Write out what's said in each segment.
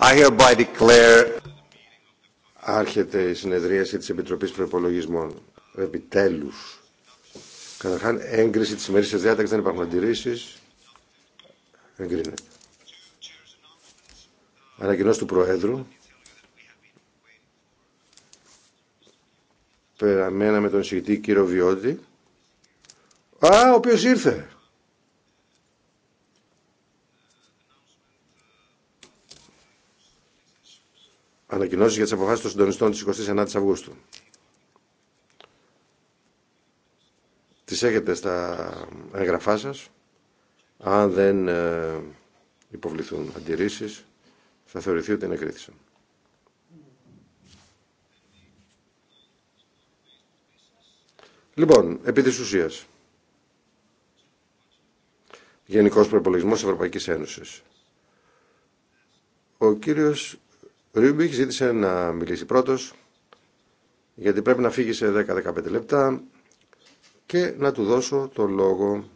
I hereby declare... Άρχεται η συνεδρίαση της Επιτροπής Προπολογισμών. Επιτέλους. Καταρχάς, έγκριση της της διάταξης δεν υπάρχουν αντιρρήσεις. Εγκρίνεται. του Προέδρου. περαμέναμε τον συγκεκριτή κύριο Βιώτη. Α, ο οποίος ήρθε. ανακοινώσει για τι αποφάσει των συντονιστών τη 29η Αυγούστου. Τι έχετε στα εγγραφά σα. Αν δεν ε, υποβληθούν αντιρρήσει. θα θεωρηθεί ότι εγκρίθησαν. Λοιπόν, επί της ουσίας. Γενικός προπολογισμό Ευρωπαϊκής Ένωσης. Ο κύριος Ρούμπιχ ζήτησε να μιλήσει πρώτος, γιατί πρέπει να φύγει σε 10-15 λεπτά και να του δώσω το λόγο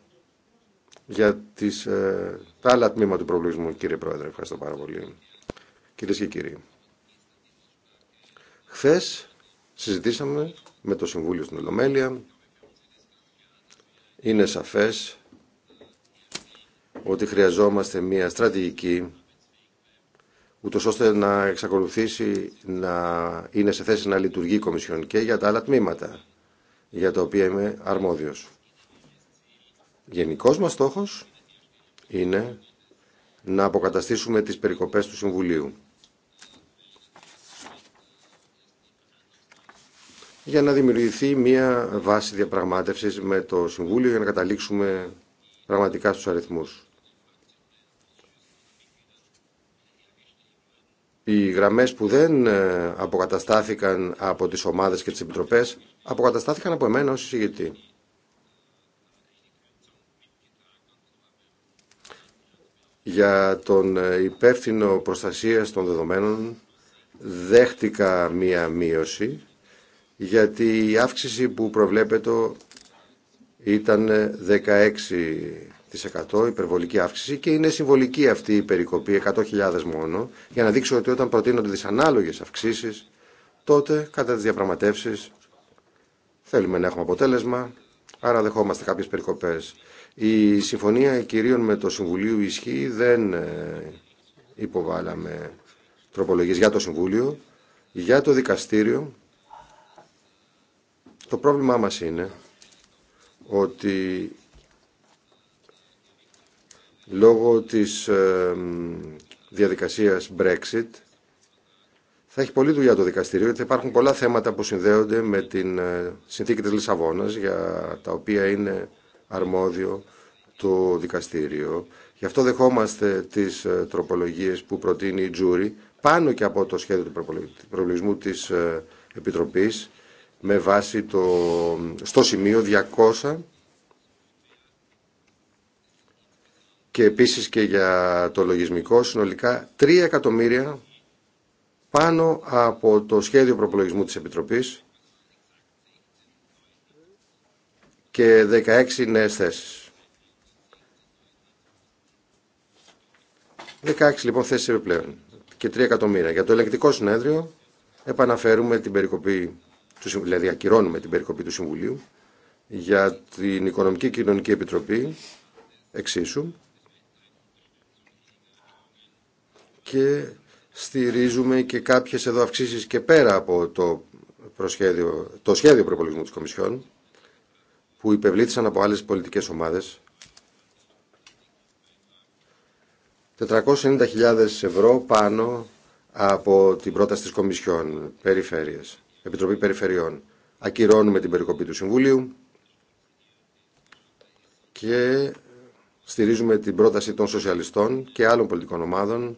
για τις, ε, τα άλλα τμήματα του προβλησμού, κύριε Πρόεδρε. Ευχαριστώ πάρα πολύ. Κυρίε και κύριοι, χθε συζητήσαμε με το Συμβούλιο στην Ολομέλεια. Είναι σαφές ότι χρειαζόμαστε μια στρατηγική ούτως ώστε να εξακολουθήσει να είναι σε θέση να λειτουργεί η Κομισιόν και για τα άλλα τμήματα για τα οποία είμαι αρμόδιος. Γενικός μας στόχος είναι να αποκαταστήσουμε τις περικοπές του Συμβουλίου. για να δημιουργηθεί μια βάση διαπραγμάτευσης με το Συμβούλιο για να καταλήξουμε πραγματικά στους αριθμούς. οι γραμμές που δεν ε, αποκαταστάθηκαν από τις ομάδες και τις επιτροπές αποκαταστάθηκαν από εμένα ως εισηγητή. Για τον ε, υπεύθυνο προστασίας των δεδομένων δέχτηκα μία μείωση γιατί η αύξηση που προβλέπετο ήταν 16 ε, 100% υπερβολική αύξηση και είναι συμβολική αυτή η περικοπή, 100.000 μόνο, για να δείξω ότι όταν προτείνονται δυσανάλογες αυξήσεις, τότε κατά τις διαπραγματεύσεις θέλουμε να έχουμε αποτέλεσμα, άρα δεχόμαστε κάποιες περικοπές. Η συμφωνία κυρίων με το Συμβουλίο ισχύει, δεν ε, υποβάλαμε τροπολογίες για το Συμβούλιο, για το δικαστήριο. Το πρόβλημά μας είναι ότι λόγω της ε, διαδικασίας Brexit θα έχει πολύ δουλειά το δικαστήριο γιατί υπάρχουν πολλά θέματα που συνδέονται με την ε, συνθήκη της Λισαβόνας για τα οποία είναι αρμόδιο το δικαστήριο. Γι' αυτό δεχόμαστε τις ε, τροπολογίες που προτείνει η Τζούρι πάνω και από το σχέδιο του προβλησμού της Επιτροπής με βάση το, στο σημείο 200 και επίσης και για το λογισμικό συνολικά 3 εκατομμύρια πάνω από το σχέδιο προπολογισμού της Επιτροπής και 16 νέες θέσεις. 16 λοιπόν θέσεις επιπλέον και 3 εκατομμύρια. Για το ελεκτικό συνέδριο επαναφέρουμε την περικοπή, του, δηλαδή ακυρώνουμε την περικοπή του Συμβουλίου για την Οικονομική και Κοινωνική Επιτροπή εξίσου και στηρίζουμε και κάποιες εδώ αυξήσεις και πέρα από το, προσχέδιο, το σχέδιο προπολογισμού της Κομισιόν που υπευλήθησαν από άλλες πολιτικές ομάδες 490.000 ευρώ πάνω από την πρόταση της Κομισιόν Περιφέρειες, Επιτροπή Περιφερειών. Ακυρώνουμε την περικοπή του Συμβουλίου και στηρίζουμε την πρόταση των σοσιαλιστών και άλλων πολιτικών ομάδων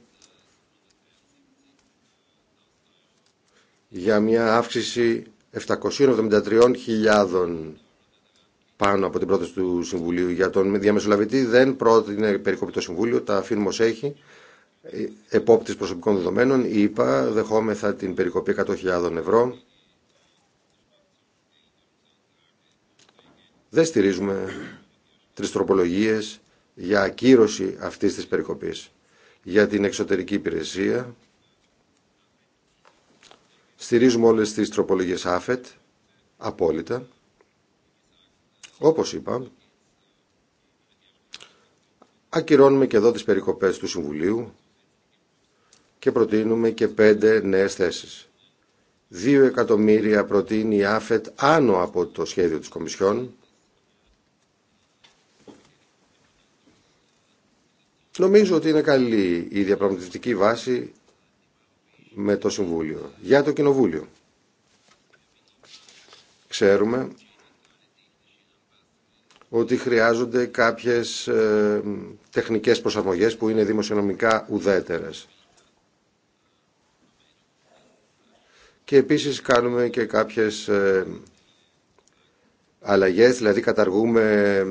για μια αύξηση 773.000 πάνω από την πρόταση του Συμβουλίου. Για τον διαμεσολαβητή δεν πρότεινε περικοπή το Συμβούλιο, τα αφήνουμε ως έχει. Ε, επόπτης προσωπικών δεδομένων, είπα, δεχόμεθα την περικοπή 100.000 ευρώ. Δεν στηρίζουμε τρεις τροπολογίες για ακύρωση αυτής της περικοπής. Για την εξωτερική υπηρεσία, Στηρίζουμε όλες τις τροπολογίες ΑΦΕΤ, απόλυτα. Όπως είπα, ακυρώνουμε και εδώ τις περικοπές του Συμβουλίου και προτείνουμε και πέντε νέες θέσεις. Δύο εκατομμύρια προτείνει η ΑΦΕΤ άνω από το σχέδιο της Κομισιόν. Νομίζω ότι είναι καλή η διαπραγματευτική βάση με το Συμβούλιο. Για το Κοινοβούλιο. Ξέρουμε ότι χρειάζονται κάποιες ε, τεχνικές προσαρμογές που είναι δημοσιονομικά ουδέτερες. Και επίσης κάνουμε και κάποιες ε, αλλαγές, δηλαδή καταργούμε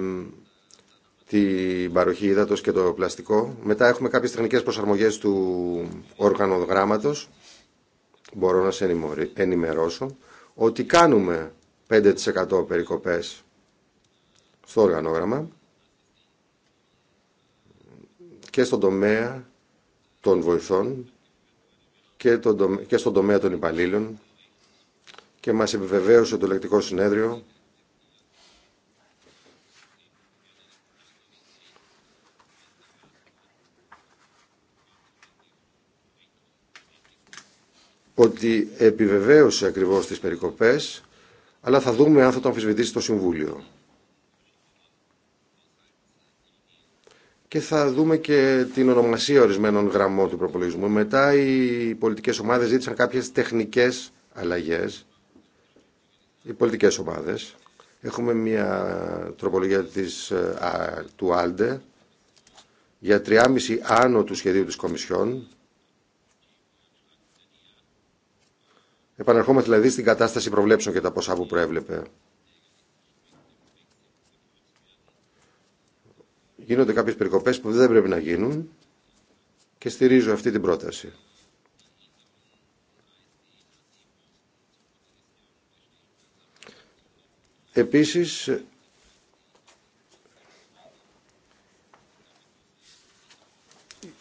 την παροχή ύδατο και το πλαστικό. Μετά έχουμε κάποιες τεχνικές προσαρμογές του οργανογράμματος. Μπορώ να σε ενημερώσω ότι κάνουμε 5% περικοπές στο οργανόγραμμα και στον τομέα των βοηθών και, τον, και στον τομέα των υπαλλήλων και μας επιβεβαίωσε το λεκτικό συνέδριο ότι επιβεβαίωσε ακριβώς τις περικοπές, αλλά θα δούμε αν θα το αμφισβητήσει το Συμβούλιο. Και θα δούμε και την ονομασία ορισμένων γραμμών του προπολογισμού. Μετά οι πολιτικές ομάδες ζήτησαν κάποιες τεχνικές αλλαγές. Οι πολιτικές ομάδες. Έχουμε μια τροπολογία της, ε, του Άλντε για 3,5 άνω του σχεδίου της Κομισιόν Επανερχόμαστε δηλαδή στην κατάσταση προβλέψεων και τα ποσά που προέβλεπε. Γίνονται κάποιες περικοπές που δεν πρέπει να γίνουν και στηρίζω αυτή την πρόταση. Επίσης,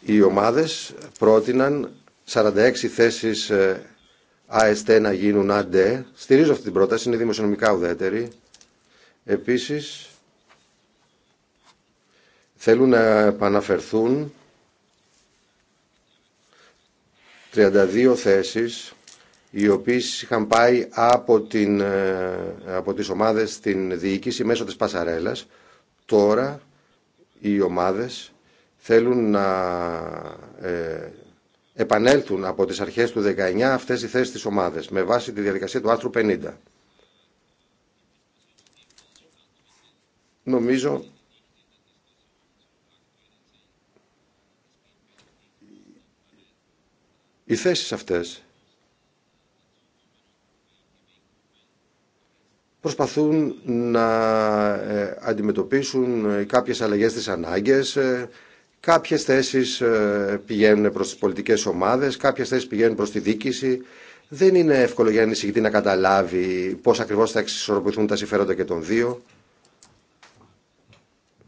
οι ομάδες πρότειναν 46 θέσεις ε, ΑΕΣΤΕ να γίνουν ΑΝΤΕ. Στηρίζω αυτή την πρόταση, είναι δημοσιονομικά ουδέτερη. Επίσης, θέλουν να επαναφερθούν 32 θέσεις οι οποίες είχαν πάει από, την, ε, από τις ομάδες στην διοίκηση μέσω της Πασαρέλας. Τώρα οι ομάδες θέλουν να ε, επανέλθουν από τις αρχές του 19 αυτές οι θέσεις της ομάδες με βάση τη διαδικασία του άρθρου 50. Νομίζω οι θέσεις αυτές προσπαθούν να ε, αντιμετωπίσουν ε, κάποιες αλλαγές στις ανάγκες, ε, Κάποιες θέσεις ε, πηγαίνουν προς τις πολιτικές ομάδες, κάποιες θέσεις πηγαίνουν προς τη δίκηση. Δεν είναι εύκολο για έναν να καταλάβει πώς ακριβώς θα εξισορροπηθούν τα συμφέροντα και των δύο.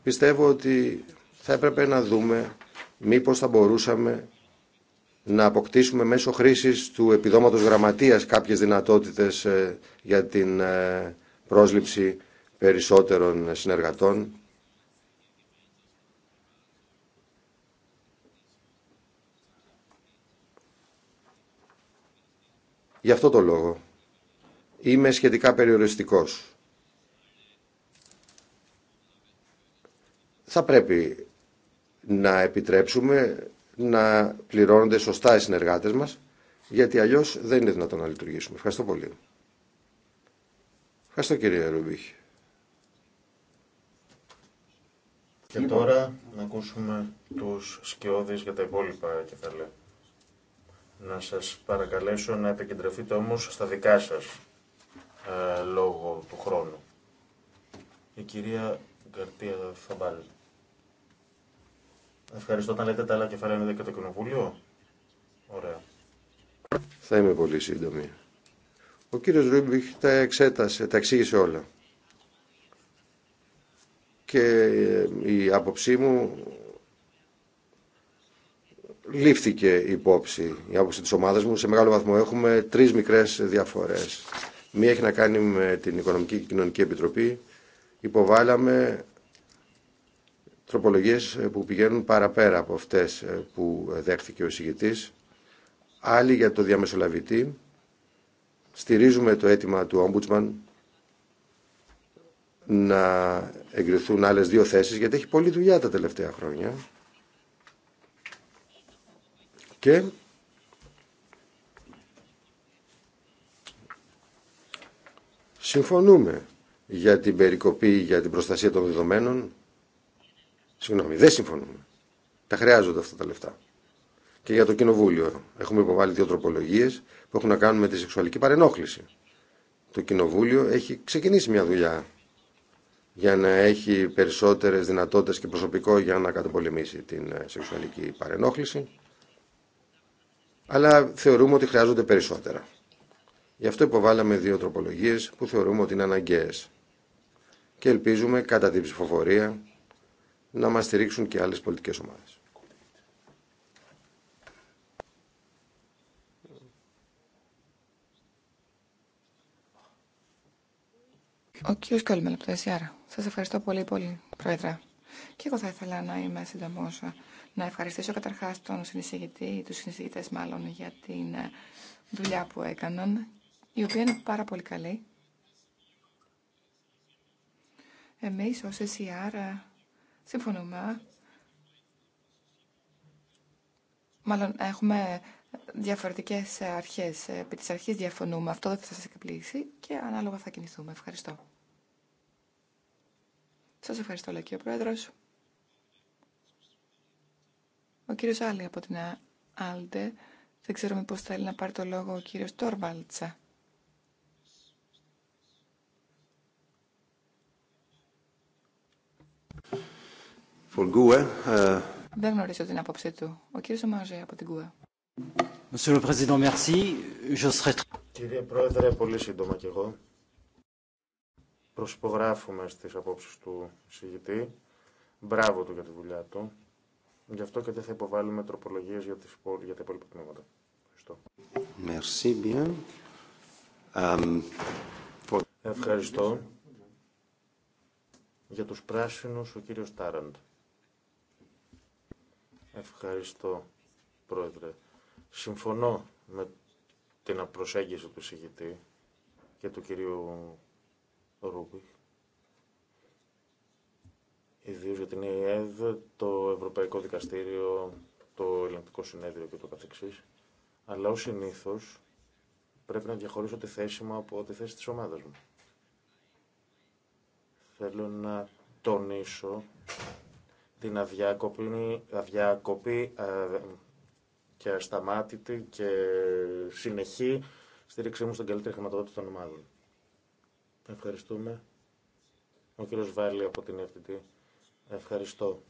Πιστεύω ότι θα έπρεπε να δούμε μήπως θα μπορούσαμε να αποκτήσουμε μέσω χρήσης του επιδόματος γραμματείας κάποιες δυνατότητες ε, για την ε, πρόσληψη περισσότερων συνεργατών Γι' αυτό το λόγο είμαι σχετικά περιοριστικός. Θα πρέπει να επιτρέψουμε να πληρώνονται σωστά οι συνεργάτες μας, γιατί αλλιώς δεν είναι δυνατόν να λειτουργήσουμε. Ευχαριστώ πολύ. Ευχαριστώ κύριε Ρουμπίχη. Και τώρα να ακούσουμε τους σκιώδεις για τα υπόλοιπα κεφαλαία να σας παρακαλέσω να επικεντρωθείτε όμως στα δικά σας ε, λόγω του χρόνου. Η κυρία Γκαρτία Θαμπάλ. Ευχαριστώ όταν λέτε τα άλλα κεφάλαια είναι και το κοινοβούλιο. Ωραία. Θα είμαι πολύ σύντομη. Ο κύριος Ρούμπιχ τα εξέτασε, τα εξήγησε όλα. Και ε, η άποψή μου λήφθηκε υπόψη η άποψη της ομάδας μου. Σε μεγάλο βαθμό έχουμε τρεις μικρές διαφορές. Μία έχει να κάνει με την Οικονομική και Κοινωνική Επιτροπή. Υποβάλαμε τροπολογίες που πηγαίνουν παραπέρα από αυτές που δέχθηκε ο εισηγητής. Άλλοι για το διαμεσολαβητή. Στηρίζουμε το αίτημα του Ombudsman να εγκριθούν άλλες δύο θέσεις, γιατί έχει πολλή δουλειά τα τελευταία χρόνια. Και συμφωνούμε για την περικοπή, για την προστασία των δεδομένων. Συγγνώμη, δεν συμφωνούμε. Τα χρειάζονται αυτά τα λεφτά. Και για το Κοινοβούλιο έχουμε υποβάλει δύο τροπολογίε που έχουν να κάνουν με τη σεξουαλική παρενόχληση. Το Κοινοβούλιο έχει ξεκινήσει μια δουλειά για να έχει περισσότερες δυνατότητες και προσωπικό για να καταπολεμήσει την ε, σεξουαλική παρενόχληση αλλά θεωρούμε ότι χρειάζονται περισσότερα. Γι' αυτό υποβάλαμε δύο τροπολογίες που θεωρούμε ότι είναι αναγκαίες και ελπίζουμε κατά την ψηφοφορία να μας στηρίξουν και άλλες πολιτικές ομάδες. Ο κ. Κόλμελ από το ΕΣΥΑΡΑ. Σας ευχαριστώ πολύ πολύ, Πρόεδρε. Και εγώ θα ήθελα να είμαι συντομό. Να ευχαριστήσω καταρχάς τον συνεισηγητή, τους συνεισηγητές μάλλον, για την ε, δουλειά που έκαναν, η οποία είναι πάρα πολύ καλή. Εμείς ως SCR ε, συμφωνούμε, μάλλον έχουμε διαφορετικές αρχές. Ε, επί της αρχής διαφωνούμε, αυτό δεν θα σας εκπλήσει και ανάλογα θα κινηθούμε. Ευχαριστώ. Σας ευχαριστώ, λέει και Πρόεδρος. Ο κύριος Άλλη από την Άλντε. Δεν ξέρω πώς θέλει να πάρει το λόγο ο κύριος Τόρβαλτσα. Ε, Δεν γνωρίζω την άποψή του. Ο κύριος Μαζέ από την ΚΟΕ. Κύριε Πρόεδρε, πολύ σύντομα κι εγώ. Προσυπογράφουμε στις απόψεις του συγητή. Μπράβο του για τη δουλειά του. Γι' αυτό και δεν θα υποβάλουμε τροπολογίε για, για τα υπόλοιπα τμήματα. Ευχαριστώ. Ευχαριστώ. Για τους πράσινους, ο κύριος Τάραντ. Ευχαριστώ, Πρόεδρε. Συμφωνώ με την προσέγγιση του συγητή και του κυρίου Ρούμπιχ ιδίω για την ΕΕΔ, το Ευρωπαϊκό Δικαστήριο, το Ελληνικό Συνέδριο και το καθεξής. Αλλά ως συνήθω πρέπει να διαχωρίσω τη θέση μου από τη θέση της ομάδας μου. Θέλω να τονίσω την αδιάκοπη, αδιάκοπη ε, και ασταμάτητη και συνεχή στήριξή μου στον καλύτερη χρηματοδότηση των ομάδων. Ευχαριστούμε. Ο κύριος Βάλλη από την FTT. Ευχαριστώ.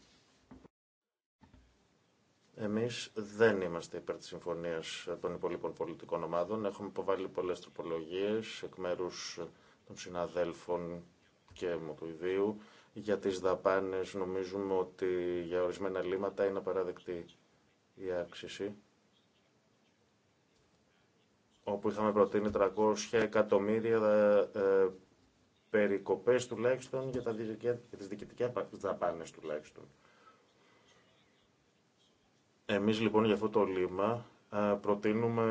Εμείς δεν είμαστε υπέρ της συμφωνίας των υπολείπων πολιτικών ομάδων. Έχουμε υποβάλει πολλές τροπολογίες εκ μέρους των συναδέλφων και μου του ιδίου. Για τις δαπάνες νομίζουμε ότι για ορισμένα λύματα είναι απαραδεκτή η αύξηση. Όπου είχαμε προτείνει 300 εκατομμύρια ε, περικοπές τουλάχιστον για, τα για τις διοικητικές δαπάνες τουλάχιστον. Εμείς λοιπόν για αυτό το λίμα προτείνουμε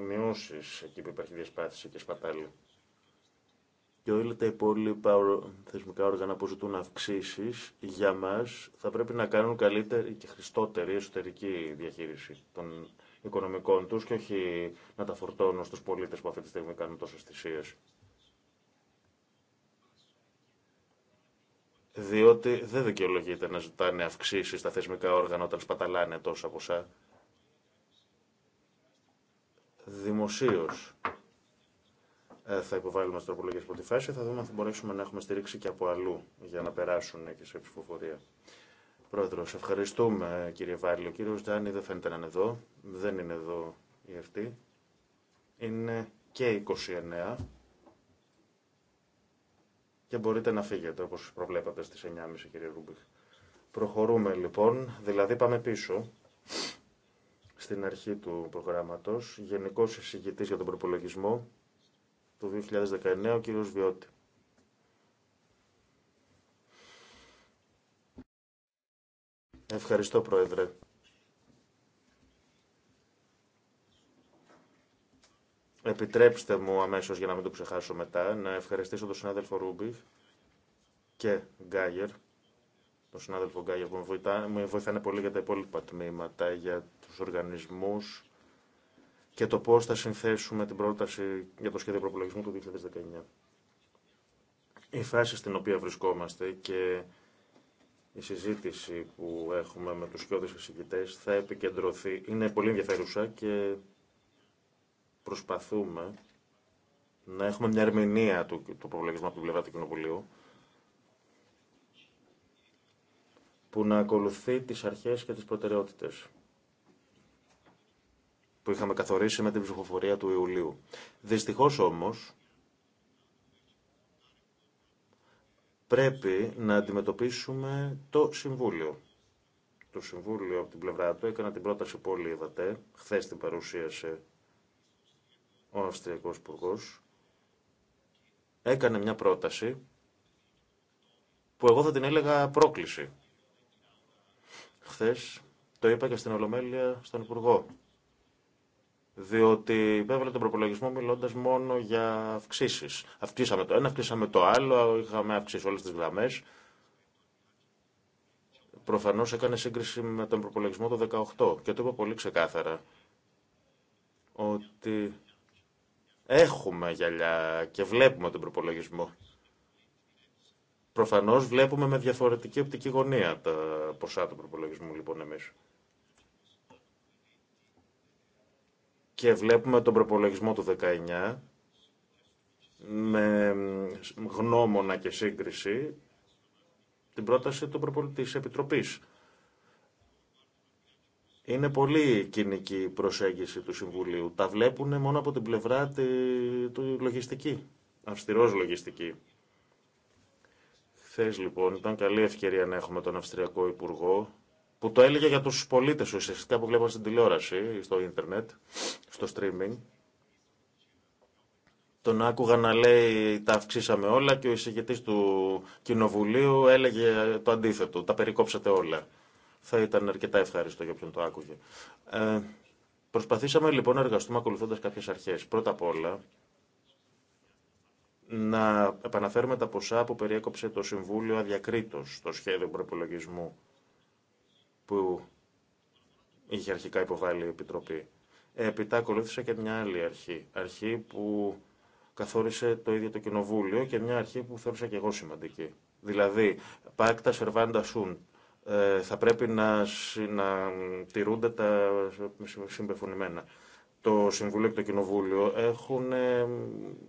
μειώσεις εκεί που υπάρχει διασπάθηση και σπατάλη. Και όλα τα υπόλοιπα θεσμικά όργανα που ζητούν αυξήσει για μα θα πρέπει να κάνουν καλύτερη και χρηστότερη εσωτερική διαχείριση των οικονομικών του και όχι να τα φορτώνουν στου πολίτε που αυτή τη στιγμή κάνουν τόσε θυσίε. διότι δεν δικαιολογείται να ζητάνε αυξήσει στα θεσμικά όργανα όταν σπαταλάνε τόσα ποσά. Δημοσίω ε, θα υποβάλουμε στην τροπολογία τη φάση. Θα δούμε αν θα μπορέσουμε να έχουμε στηρίξει και από αλλού για να περάσουν και σε ψηφοφορία. Πρόεδρο, ευχαριστούμε κύριε Βάλλη. Ο κύριο Τζάνι δεν φαίνεται να είναι εδώ. Δεν είναι εδώ η αυτή. Είναι και 29 και μπορείτε να φύγετε όπως προβλέπατε στις 9.30 κύριε Ρούμπιχ. Προχωρούμε λοιπόν, δηλαδή πάμε πίσω στην αρχή του προγράμματος, Γενικός εισηγητή για τον Προπολογισμό του 2019, ο κύριος Βιώτη. Ευχαριστώ Πρόεδρε. Επιτρέψτε μου αμέσως για να μην το ξεχάσω μετά να ευχαριστήσω τον συνάδελφο Ρούμπιχ και Γκάγερ, τον συνάδελφο Γκάγερ που με, με βοηθάνε πολύ για τα υπόλοιπα τμήματα, για τους οργανισμούς και το πώς θα συνθέσουμε την πρόταση για το σχέδιο προπολογισμού του 2019. Η φάση στην οποία βρισκόμαστε και η συζήτηση που έχουμε με τους κοιόδους εισηγητές θα επικεντρωθεί, είναι πολύ ενδιαφέρουσα και προσπαθούμε να έχουμε μια ερμηνεία του, το από την πλευρά του Κοινοβουλίου που να ακολουθεί τις αρχές και τις προτεραιότητες που είχαμε καθορίσει με την ψηφοφορία του Ιουλίου. Δυστυχώς όμως πρέπει να αντιμετωπίσουμε το Συμβούλιο. Το Συμβούλιο από την πλευρά του έκανα την πρόταση που όλοι είδατε, χθες την παρουσίασε ο Αυστριακός υπουργό έκανε μια πρόταση που εγώ θα την έλεγα πρόκληση. Χθες το είπα και στην Ολομέλεια στον Υπουργό. Διότι υπέβαλε τον προπολογισμό μιλώντας μόνο για αυξήσει. Αυξήσαμε το ένα, αυξήσαμε το άλλο, είχαμε αυξήσει όλες τις γραμμέ. Προφανώς έκανε σύγκριση με τον προπολογισμό το 18 και το είπα πολύ ξεκάθαρα ότι Έχουμε γυαλιά και βλέπουμε τον προπολογισμό. Προφανώς βλέπουμε με διαφορετική οπτική γωνία τα ποσά του προπολογισμού λοιπόν εμείς. Και βλέπουμε τον προπολογισμό του 19 με γνώμονα και σύγκριση την πρόταση του της Επιτροπής. Είναι πολύ κοινική η προσέγγιση του Συμβουλίου. Τα βλέπουν μόνο από την πλευρά τη, του λογιστική, αυστηρός λογιστική. Χθε λοιπόν ήταν καλή ευκαιρία να έχουμε τον Αυστριακό Υπουργό που το έλεγε για τους πολίτες ουσιαστικά που βλέπαμε στην τηλεόραση, στο ίντερνετ, στο streaming. Τον άκουγα να λέει τα αυξήσαμε όλα και ο εισηγητής του Κοινοβουλίου έλεγε το αντίθετο, τα περικόψατε όλα θα ήταν αρκετά ευχάριστο για όποιον το άκουγε. Ε, προσπαθήσαμε λοιπόν να εργαστούμε ακολουθώντας κάποιες αρχές. Πρώτα απ' όλα, να επαναφέρουμε τα ποσά που περιέκοψε το Συμβούλιο αδιακρίτως στο σχέδιο προπολογισμού που είχε αρχικά υποβάλει η Επιτροπή. Επίτα ακολούθησε και μια άλλη αρχή. Αρχή που καθόρισε το ίδιο το Κοινοβούλιο και μια αρχή που θεώρησα και εγώ σημαντική. Δηλαδή, πάκτα σερβάντα σουν, ε, θα πρέπει να, να τηρούνται τα συμπεφωνημένα. Το Συμβούλιο και το Κοινοβούλιο έχουν ε,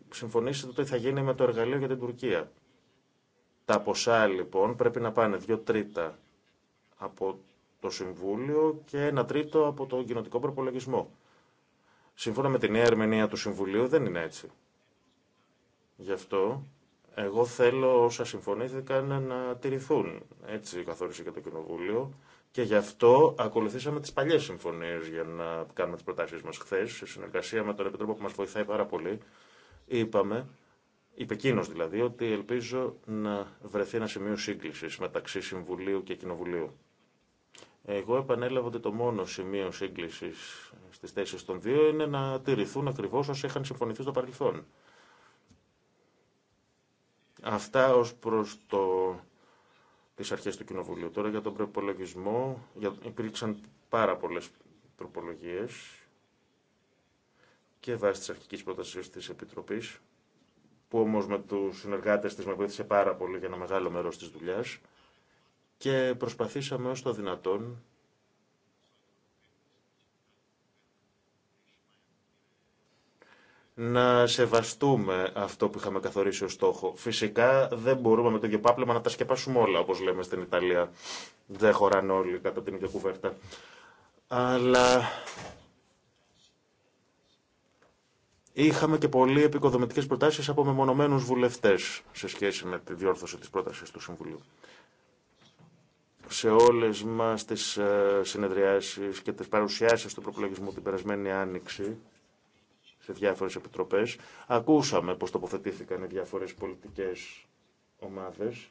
συμφωνήσει ότι θα γίνει με το εργαλείο για την Τουρκία. Τα ποσά λοιπόν πρέπει να πάνε δύο τρίτα από το Συμβούλιο και ένα τρίτο από τον κοινοτικό προπολογισμό. Σύμφωνα με την νέα ερμηνεία του Συμβουλίου δεν είναι έτσι. Γι' αυτό εγώ θέλω όσα συμφωνήθηκαν να τηρηθούν. Έτσι καθόρισε και το Κοινοβούλιο. Και γι' αυτό ακολουθήσαμε τι παλιέ συμφωνίε για να κάνουμε τι προτάσει μα χθε. Σε συνεργασία με τον Επιτρόπο που μα βοηθάει πάρα πολύ, είπαμε, είπε εκείνο δηλαδή, ότι ελπίζω να βρεθεί ένα σημείο σύγκληση μεταξύ Συμβουλίου και Κοινοβουλίου. Εγώ επανέλαβα ότι το μόνο σημείο σύγκληση στι θέσει των δύο είναι να τηρηθούν ακριβώ όσοι είχαν συμφωνηθεί στο παρελθόν. Αυτά ως προς το... τις αρχές του Κοινοβουλίου. Τώρα για τον προπολογισμό για... υπήρξαν πάρα πολλές τροπολογίες και βάσει της αρχικής πρότασης της Επιτροπής που όμως με τους συνεργάτες της με βοήθησε πάρα πολύ για ένα μεγάλο μέρος της δουλειάς και προσπαθήσαμε ως το δυνατόν να σεβαστούμε αυτό που είχαμε καθορίσει ως στόχο. Φυσικά δεν μπορούμε με το ίδιο πάπλεμα να τα σκεπάσουμε όλα, όπως λέμε στην Ιταλία. Δεν χωράνε όλοι κατά την ίδια κουβέρτα. Αλλά είχαμε και πολύ επικοδομητικές προτάσεις από μεμονωμένους βουλευτές σε σχέση με τη διόρθωση της πρότασης του Συμβουλίου. Σε όλες μας τις ε, συνεδριάσεις και τις παρουσιάσεις του προπολογισμού την περασμένη άνοιξη, σε διάφορες επιτροπές. Ακούσαμε πώς τοποθετήθηκαν οι διάφορες πολιτικές ομάδες.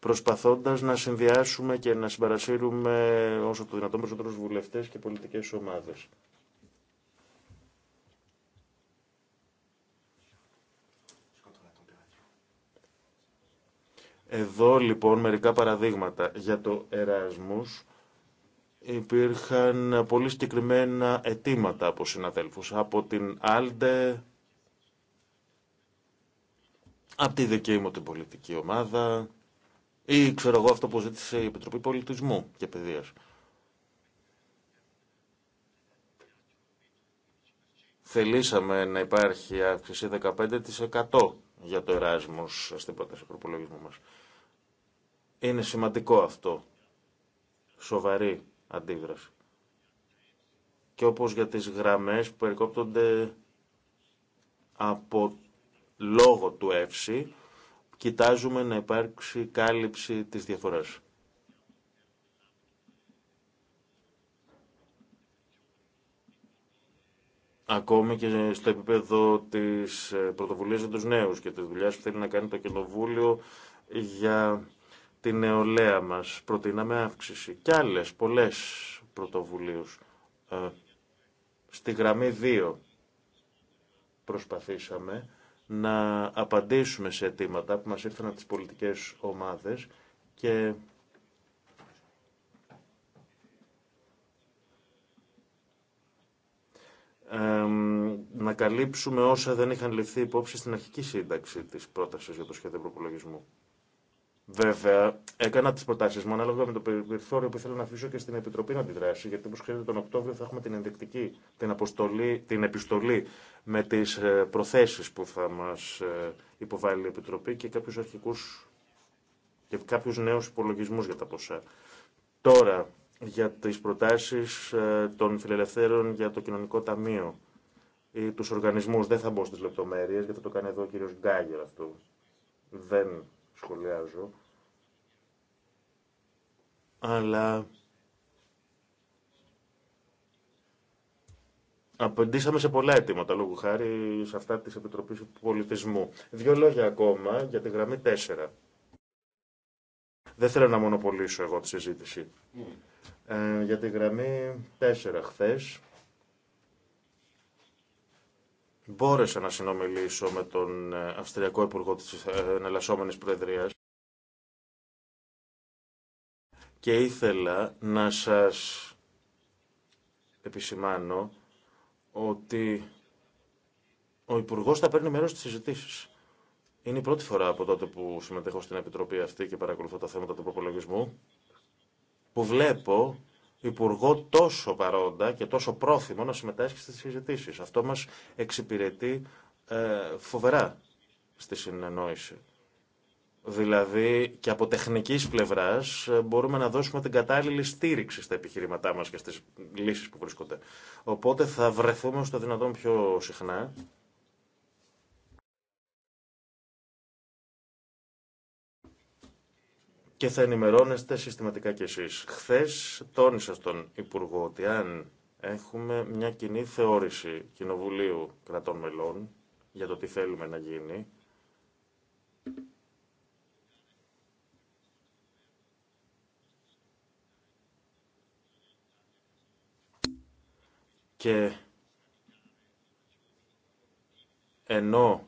Προσπαθώντας να συνδυάσουμε και να συμπαρασύρουμε όσο το δυνατόν περισσότερους βουλευτές και πολιτικές ομάδες. Εδώ λοιπόν μερικά παραδείγματα για το Εράσμους υπήρχαν πολύ συγκεκριμένα αιτήματα από συναδέλφους. Από την Άλντε, από τη δική μου την πολιτική ομάδα ή ξέρω εγώ αυτό που ζήτησε η Επιτροπή Πολιτισμού και Παιδείας. Θελήσαμε να υπάρχει αύξηση 15% για το Εράσμος στην πρόταση προπολογισμού μας. Είναι σημαντικό αυτό. Σοβαρή αντίδραση. Και όπως για τις γραμμές που περικόπτονται από λόγο του έύση κοιτάζουμε να υπάρξει κάλυψη της διαφοράς. Ακόμη και στο επίπεδο της ε, πρωτοβουλίας για τους νέους και της δουλειάς που θέλει να κάνει το Κοινοβούλιο για την νεολαία μας προτείναμε αύξηση και άλλες πολλές πρωτοβουλίους. Ε, στη γραμμή 2 προσπαθήσαμε να απαντήσουμε σε αιτήματα που μας ήρθαν από τις πολιτικές ομάδες και να καλύψουμε όσα δεν είχαν ληφθεί υπόψη στην αρχική σύνταξη της πρότασης για το σχέδιο προπολογισμού. Βέβαια, έκανα τι προτάσει μου ανάλογα με το περιθώριο που ήθελα να αφήσω και στην Επιτροπή να αντιδράσει. Γιατί, όπω ξέρετε, τον Οκτώβριο θα έχουμε την ενδεικτική, την, αποστολή, την επιστολή με τι ε, προθέσει που θα μα ε, υποβάλει η Επιτροπή και κάποιου αρχικού και κάποιου νέου υπολογισμού για τα ποσά. Τώρα, για τι προτάσει ε, των φιλελευθέρων για το κοινωνικό ταμείο ή του οργανισμού, δεν θα μπω στι λεπτομέρειε, γιατί το κάνει εδώ ο κύριο Γκάγερ αυτό σχολιάζω. Αλλά Απαντήσαμε σε πολλά αιτήματα, λόγω χάρη σε αυτά της Επιτροπής Πολιτισμού. Δύο λόγια ακόμα για τη γραμμή 4. Δεν θέλω να μονοπολίσω εγώ τη συζήτηση. Mm. Ε, για τη γραμμή 4 χθες Μπόρεσα να συνομιλήσω με τον ε, Αυστριακό Υπουργό της ε, Εναλλασσόμενης Προεδρίας και ήθελα να σας επισημάνω ότι ο Υπουργός θα παίρνει μέρος στις συζητήσεις. Είναι η πρώτη φορά από τότε που συμμετέχω στην Επιτροπή αυτή και παρακολουθώ τα θέματα του προπολογισμού που βλέπω υπουργό τόσο παρόντα και τόσο πρόθυμο να συμμετάσχει στις συζητήσεις. Αυτό μας εξυπηρετεί ε, φοβερά στη συνεννόηση. Δηλαδή και από τεχνικής πλευράς ε, μπορούμε να δώσουμε την κατάλληλη στήριξη στα επιχειρήματά μας και στις λύσεις που βρίσκονται. Οπότε θα βρεθούμε στο δυνατόν πιο συχνά και θα ενημερώνεστε συστηματικά κι εσείς. Χθες τόνισα στον Υπουργό ότι αν έχουμε μια κοινή θεώρηση Κοινοβουλίου κρατών μελών για το τι θέλουμε να γίνει, και ενώ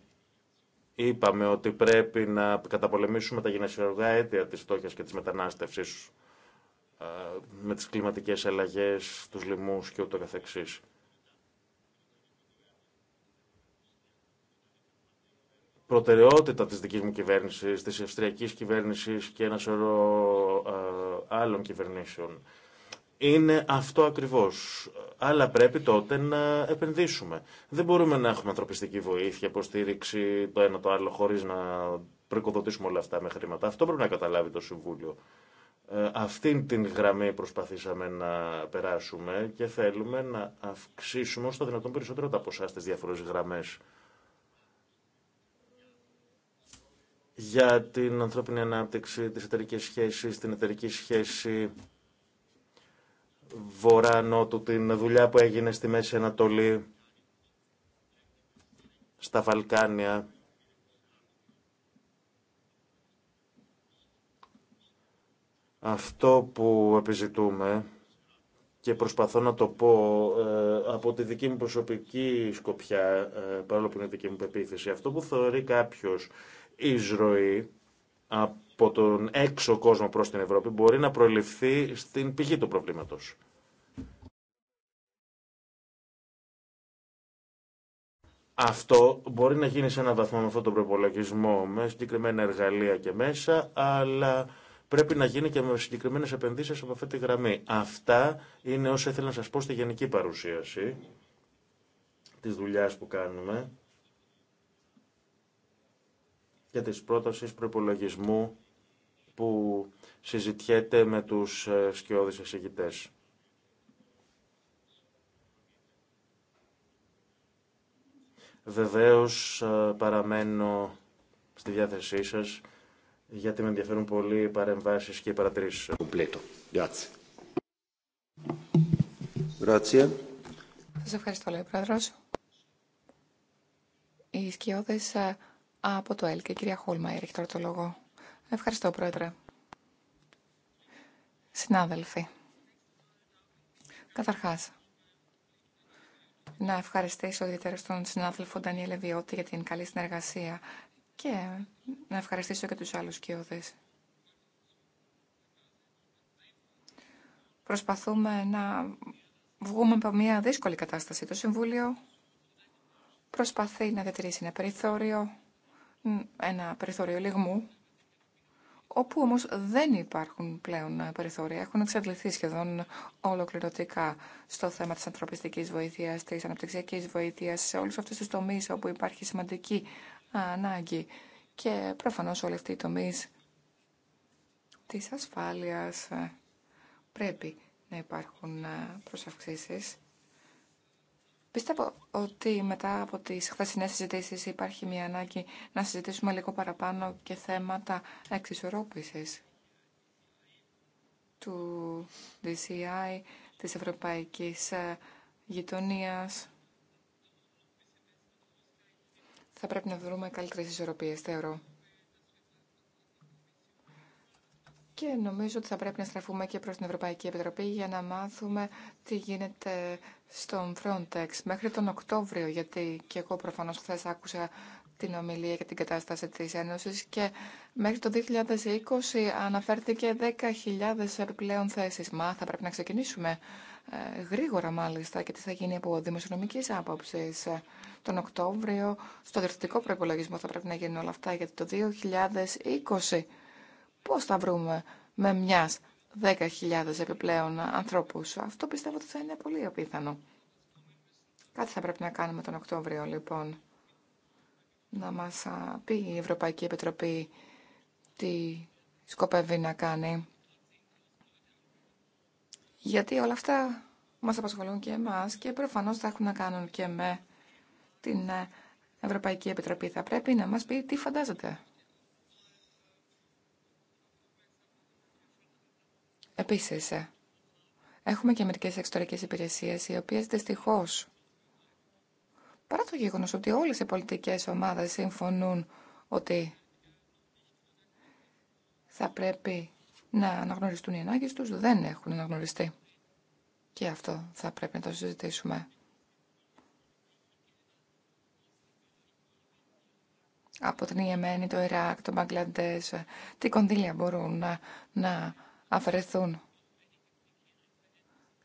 Είπαμε ότι πρέπει να καταπολεμήσουμε τα γενεσιουργά αίτια της φτώχειας και της μετανάστευσης ε, με τις κλιματικές αλλαγές, τους λοιμούς και ούτω καθεξής. προτεραιότητα της δικής μου κυβέρνησης, της αυστριακής κυβέρνησης και ένα σωρό ε, άλλων κυβερνήσεων. Είναι αυτό ακριβώς αλλά πρέπει τότε να επενδύσουμε. Δεν μπορούμε να έχουμε ανθρωπιστική βοήθεια, υποστήριξη το ένα το άλλο, χωρί να προοικοδοτήσουμε όλα αυτά με χρήματα. Αυτό πρέπει να καταλάβει το Συμβούλιο. Ε, αυτήν την γραμμή προσπαθήσαμε να περάσουμε και θέλουμε να αυξήσουμε όσο δυνατόν περισσότερο τα ποσά στι διάφορε γραμμές. Για την ανθρώπινη ανάπτυξη, τις εταιρικές σχέσεις, την εταιρική σχέση Βορρά-Νότου, την δουλειά που έγινε στη Μέση Ανατολή, στα Βαλκάνια. Αυτό που επιζητούμε και προσπαθώ να το πω ε, από τη δική μου προσωπική σκοπιά, ε, παρόλο που είναι δική μου πεποίθηση, αυτό που θεωρεί κάποιος εισρωή από τον έξω κόσμο προς την Ευρώπη μπορεί να προληφθεί στην πηγή του προβλήματος. Αυτό μπορεί να γίνει σε έναν βαθμό με αυτόν τον προπολογισμό, με συγκεκριμένα εργαλεία και μέσα, αλλά πρέπει να γίνει και με συγκεκριμένε επενδύσει από αυτή τη γραμμή. Αυτά είναι όσα ήθελα να σα πω στη γενική παρουσίαση τη δουλειά που κάνουμε και τη πρόταση προπολογισμού που συζητιέται με τους ε, σκιώδεις εισηγητές. Βεβαίως ε, παραμένω στη διάθεσή σας γιατί με ενδιαφέρουν πολύ οι παρεμβάσεις και οι παρατηρήσεις. Κουμπλέτο. Σας ευχαριστώ, λέει ο Πρόεδρος. Οι σκιώδες ε, από το ΕΛ και κυρία Χόλμα έρχεται τώρα το λόγο. Ευχαριστώ, Πρόεδρε. Συνάδελφοι. Καταρχάς, να ευχαριστήσω ιδιαίτερα τον συνάδελφο Ντανιέλε Βιώτη για την καλή συνεργασία και να ευχαριστήσω και τους άλλους κοιόδες. Προσπαθούμε να βγούμε από μια δύσκολη κατάσταση. Το Συμβούλιο προσπαθεί να διατηρήσει ένα περιθώριο, ένα περιθώριο λιγμού όπου όμως δεν υπάρχουν πλέον περιθώρια. Έχουν εξαντληθεί σχεδόν ολοκληρωτικά στο θέμα της ανθρωπιστικής βοήθειας, της αναπτυξιακής βοήθειας, σε όλους αυτούς τους τομείς όπου υπάρχει σημαντική ανάγκη. Και προφανώς όλοι αυτοί οι τομείς της ασφάλειας ε, πρέπει να υπάρχουν ε, προσαυξήσεις. Πιστεύω ότι μετά από τις χθεσινέ συζητήσει υπάρχει μια ανάγκη να συζητήσουμε λίγο παραπάνω και θέματα εξισορρόπησης του DCI, της Ευρωπαϊκής ε, Γειτονίας. Θα πρέπει να βρούμε καλύτερες ισορροπίες, θεωρώ. Και νομίζω ότι θα πρέπει να στραφούμε και προς την Ευρωπαϊκή Επιτροπή για να μάθουμε τι γίνεται στον Frontex μέχρι τον Οκτώβριο, γιατί και εγώ προφανώς χθε άκουσα την ομιλία για την κατάσταση της Ένωσης και μέχρι το 2020 αναφέρθηκε 10.000 επιπλέον θέσεις. Μα θα πρέπει να ξεκινήσουμε ε, γρήγορα μάλιστα και τι θα γίνει από δημοσιονομικής άποψης τον Οκτώβριο. Στο διευθυντικό προπολογισμό θα πρέπει να γίνουν όλα αυτά γιατί το 2020 Πώς θα βρούμε με μιας 10.000 επιπλέον ανθρώπους. Αυτό πιστεύω ότι θα είναι πολύ απίθανο. Κάτι θα πρέπει να κάνουμε τον Οκτώβριο, λοιπόν. Να μας πει η Ευρωπαϊκή Επιτροπή τι σκοπεύει να κάνει. Γιατί όλα αυτά μας απασχολούν και εμάς και προφανώς θα έχουν να κάνουν και με την ε, Ευρωπαϊκή Επιτροπή. Θα πρέπει να μας πει τι φαντάζεται. Επίση. Ε, έχουμε και μερικέ εξωτερικές υπηρεσίες, οι οποίες δυστυχώ. παρά το γεγονός ότι όλες οι πολιτικές ομάδε συμφωνούν ότι θα πρέπει να αναγνωριστούν οι ανάγκε τους, δεν έχουν αναγνωριστεί. Και αυτό θα πρέπει να το συζητήσουμε. Από την Ιεμένη, το Ιράκ, το Μπαγκλαντές, ε, τι κονδύλια μπορούν να, να αφαιρεθούν.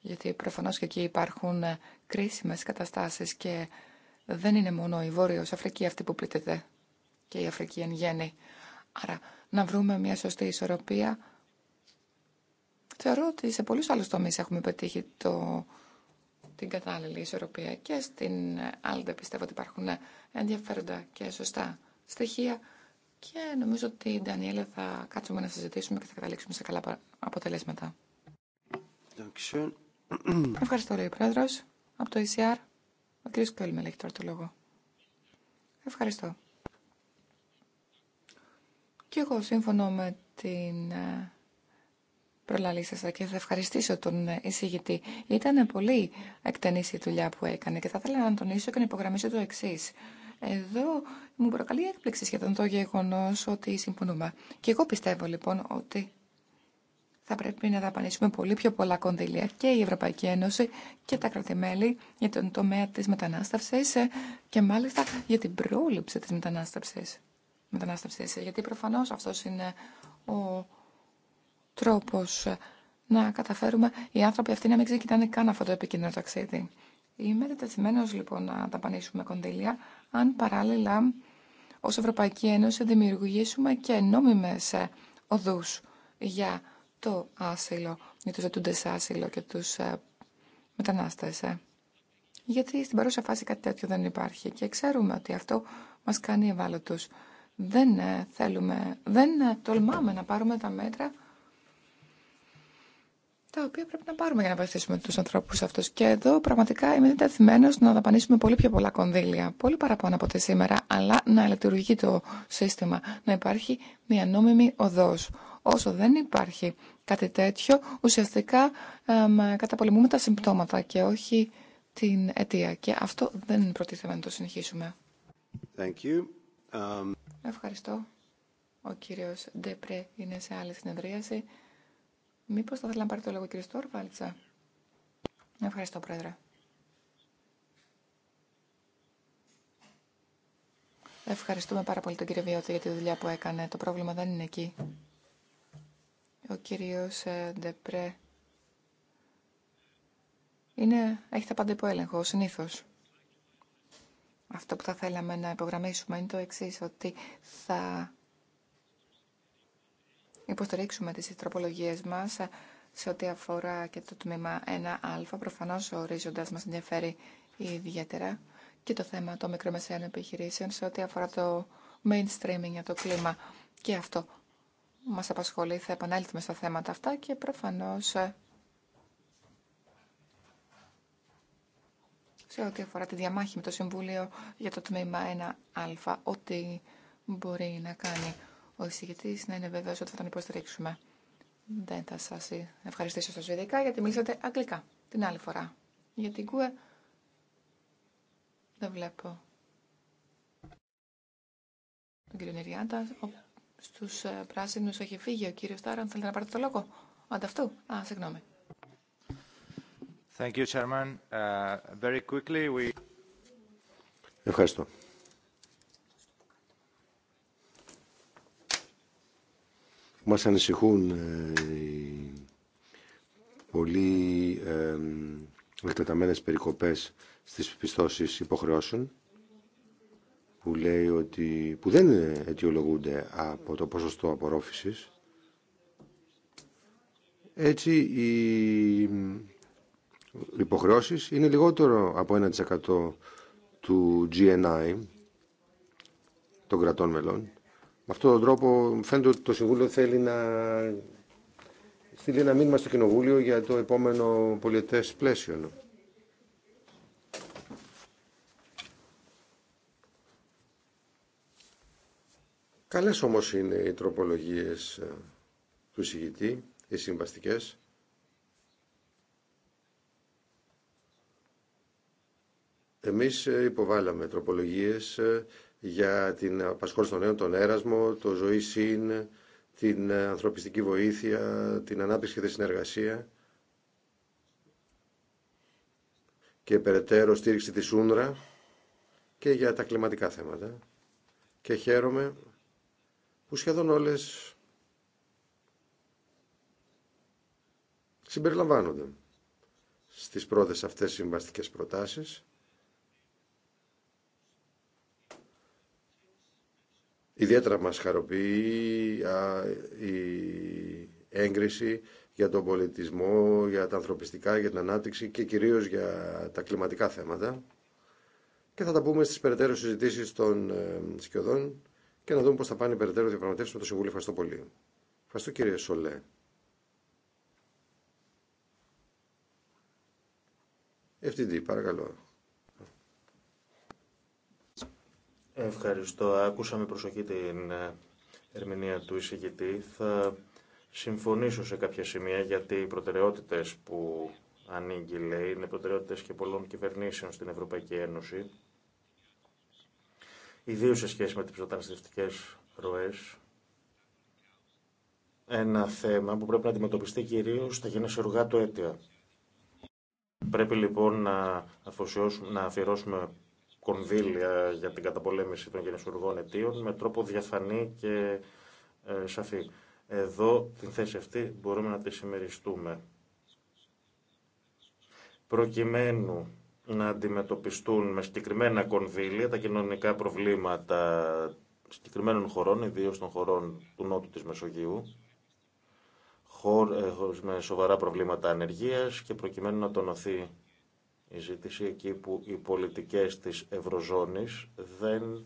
Γιατί προφανώς και εκεί υπάρχουν ε, κρίσιμες καταστάσεις και δεν είναι μόνο η Βόρειος Αφρική αυτή που πλήττεται και η Αφρική εν γέννη. Άρα να βρούμε μια σωστή ισορροπία. Θεωρώ ότι σε πολλούς άλλους τομείς έχουμε πετύχει το, την κατάλληλη ισορροπία και στην άλλη πιστεύω ότι υπάρχουν ε, ενδιαφέροντα και σωστά στοιχεία και νομίζω ότι, η Ντανιέλα, θα κάτσουμε να συζητήσουμε και θα καταλήξουμε σε καλά αποτελέσματα. Ευχαριστώ, λέει ο πρόεδρο. Από το ECR, ο κ. Κόλμελ έχει τώρα το λόγο. Ευχαριστώ. Και εγώ σύμφωνο με την ε, προλαλή σας και θα ευχαριστήσω τον ε, εισηγητή. Ήταν πολύ εκτενής η δουλειά που έκανε και θα ήθελα να τονίσω και να υπογραμμίσω το εξή. Εδώ μου προκαλεί έκπληξη σχεδόν το γεγονό ότι συμφωνούμε. Και εγώ πιστεύω λοιπόν ότι θα πρέπει να δαπανίσουμε πολύ πιο πολλά κονδύλια και η Ευρωπαϊκή Ένωση και τα κρατημέλη για τον τομέα της μετανάστευσης και μάλιστα για την πρόληψη της μετανάστευση. μετανάστευσης. Γιατί προφανώς αυτός είναι ο τρόπος να καταφέρουμε οι άνθρωποι αυτοί να μην ξεκινάνε καν αυτό το επικίνδυνο ταξίδι. Είμαι τεταθυμένος λοιπόν να ταπανίσουμε κονδύλια, αν παράλληλα ως Ευρωπαϊκή Ένωση δημιουργήσουμε και νόμιμες ε, οδούς για το άσυλο, για τους ζητούντες άσυλο και τους ε, μετανάστες. Ε. Γιατί στην παρούσα φάση κάτι τέτοιο δεν υπάρχει και ξέρουμε ότι αυτό μας κάνει ευάλωτους. Δεν θέλουμε, δεν τολμάμε να πάρουμε τα μέτρα τα οποία πρέπει να πάρουμε για να βοηθήσουμε τους ανθρώπους αυτούς. Και εδώ πραγματικά είμαι διατεθειμένο να δαπανίσουμε πολύ πιο πολλά κονδύλια, πολύ παραπάνω από τη σήμερα, αλλά να λειτουργεί το σύστημα, να υπάρχει μια νόμιμη οδός. Όσο δεν υπάρχει κάτι τέτοιο, ουσιαστικά καταπολεμούμε τα συμπτώματα και όχι την αιτία. Και αυτό δεν προτίθεται να το συνεχίσουμε. Thank you. Um, Ευχαριστώ. Ο κύριος Ντεπρέ είναι σε άλλη συνεδρίαση. Μήπω θα ήθελα να πάρει το λόγο κύριε Στόρβαλτσα. Ευχαριστώ, Πρόεδρε. Ευχαριστούμε πάρα πολύ τον κύριο Βιώτη για τη δουλειά που έκανε. Το πρόβλημα δεν είναι εκεί. Ο κύριος ε, Ντεπρέ είναι, έχει τα πάντα υπό έλεγχο, συνήθω. Αυτό που θα θέλαμε να υπογραμμίσουμε είναι το εξή ότι θα υποστηρίξουμε τις τροπολογίες μας σε ό,τι αφορά και το τμήμα 1α. Προφανώς ο ορίζοντας μας ενδιαφέρει ιδιαίτερα και το θέμα των μικρομεσαίων επιχειρήσεων σε ό,τι αφορά το mainstreaming για το κλίμα. Και αυτό μας απασχολεί. Θα επανέλθουμε στα θέματα αυτά και προφανώς ε, σε ό,τι αφορά τη διαμάχη με το Συμβούλιο για το τμήμα 1α, ό,τι μπορεί να κάνει ο εισηγητή να είναι βέβαιο ότι θα τον υποστηρίξουμε. Δεν θα σα ευχαριστήσω στα σβηδικά γιατί μίλησατε αγγλικά την άλλη φορά. Για την ΚΟΕ δεν βλέπω τον κύριο Νεριάντα. Στου ε, πράσινου έχει φύγει ο κύριο Τάραν. Θέλετε να πάρετε το λόγο. Ανταυτού. Α, συγγνώμη. Uh, Ευχαριστώ. μα μας ανησυχούν ε, οι πολύ εκτεταμένες περικοπές στις πιστώσεις υποχρεώσεων που λέει ότι που δεν αιτιολογούνται από το ποσοστό απορρόφησης έτσι οι υποχρεώσεις είναι λιγότερο από 1% του GNI των κρατών μελών με αυτόν τον τρόπο φαίνεται ότι το Συμβούλιο θέλει να στείλει ένα μήνυμα στο Κοινοβούλιο για το επόμενο πολιετές πλαίσιο. Ναι. Καλές όμως είναι οι τροπολογίες ε, του συγητή, οι συμβαστικές. Εμείς ε, υποβάλαμε τροπολογίες ε, για την απασχόληση των νέων, τον έρασμο, το ζωή συν, την ανθρωπιστική βοήθεια, την ανάπτυξη και τη συνεργασία και περαιτέρω στήριξη της Ούνδρα και για τα κλιματικά θέματα. Και χαίρομαι που σχεδόν όλες συμπεριλαμβάνονται στις πρώτες αυτές συμβαστικές προτάσεις Ιδιαίτερα μας χαροποιεί η έγκριση για τον πολιτισμό, για τα ανθρωπιστικά, για την ανάπτυξη και κυρίως για τα κλιματικά θέματα. Και θα τα πούμε στις περαιτέρω συζητήσεις των ε, σκιωδών και να δούμε πώς θα πάνε οι περαιτέρω διαπραγματεύσεις με το Συμβούλιο. Ευχαριστώ πολύ. Ευχαριστώ κύριε Σολέ. Ευθυντή, παρακαλώ. Ευχαριστώ. Άκουσα με προσοχή την ε, ερμηνεία του εισηγητή. Θα συμφωνήσω σε κάποια σημεία γιατί οι προτεραιότητες που ανήκει λέει είναι προτεραιότητες και πολλών κυβερνήσεων στην Ευρωπαϊκή Ένωση. Ιδίω σε σχέση με τις μεταναστευτικές ροές. Ένα θέμα που πρέπει να αντιμετωπιστεί κυρίως στα γενεσιουργά του αίτια. Πρέπει λοιπόν να αφιερώσουμε κονδύλια για την καταπολέμηση των γενεσουργών αιτίων με τρόπο διαφανή και ε, σαφή. Εδώ την θέση αυτή μπορούμε να τη συμμεριστούμε. Προκειμένου να αντιμετωπιστούν με συγκεκριμένα κονδύλια τα κοινωνικά προβλήματα συγκεκριμένων χωρών, ιδίως των χωρών του Νότου της Μεσογείου, ε, με σοβαρά προβλήματα ανεργίας και προκειμένου να τονωθεί η ζήτηση εκεί που οι πολιτικές της Ευρωζώνης δεν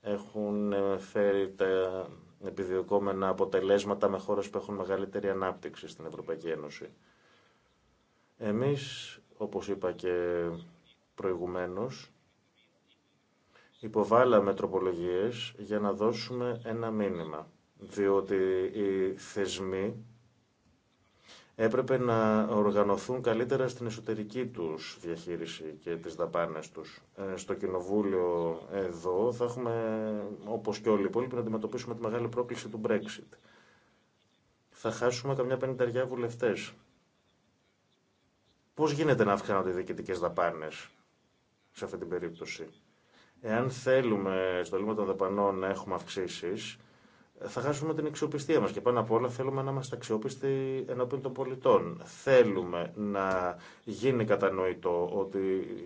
έχουν ε, φέρει τα επιδιωκόμενα αποτελέσματα με χώρες που έχουν μεγαλύτερη ανάπτυξη στην Ευρωπαϊκή Ένωση. Εμείς, όπως είπα και προηγουμένως, υποβάλαμε τροπολογίες για να δώσουμε ένα μήνυμα, διότι οι θεσμοί έπρεπε να οργανωθούν καλύτερα στην εσωτερική τους διαχείριση και τις δαπάνες τους. Ε, στο Κοινοβούλιο εδώ θα έχουμε, όπως και όλοι οι υπόλοιποι, να αντιμετωπίσουμε τη μεγάλη πρόκληση του Brexit. Θα χάσουμε καμιά πενταριά βουλευτές. Πώς γίνεται να αυξάνονται οι διοικητικές δαπάνες σε αυτή την περίπτωση. Εάν θέλουμε στο λίγο των δαπανών να έχουμε αυξήσει θα χάσουμε την αξιοπιστία μας και πάνω απ' όλα θέλουμε να είμαστε αξιόπιστοι ενώπιν των πολιτών. Θέλουμε να γίνει κατανοητό ότι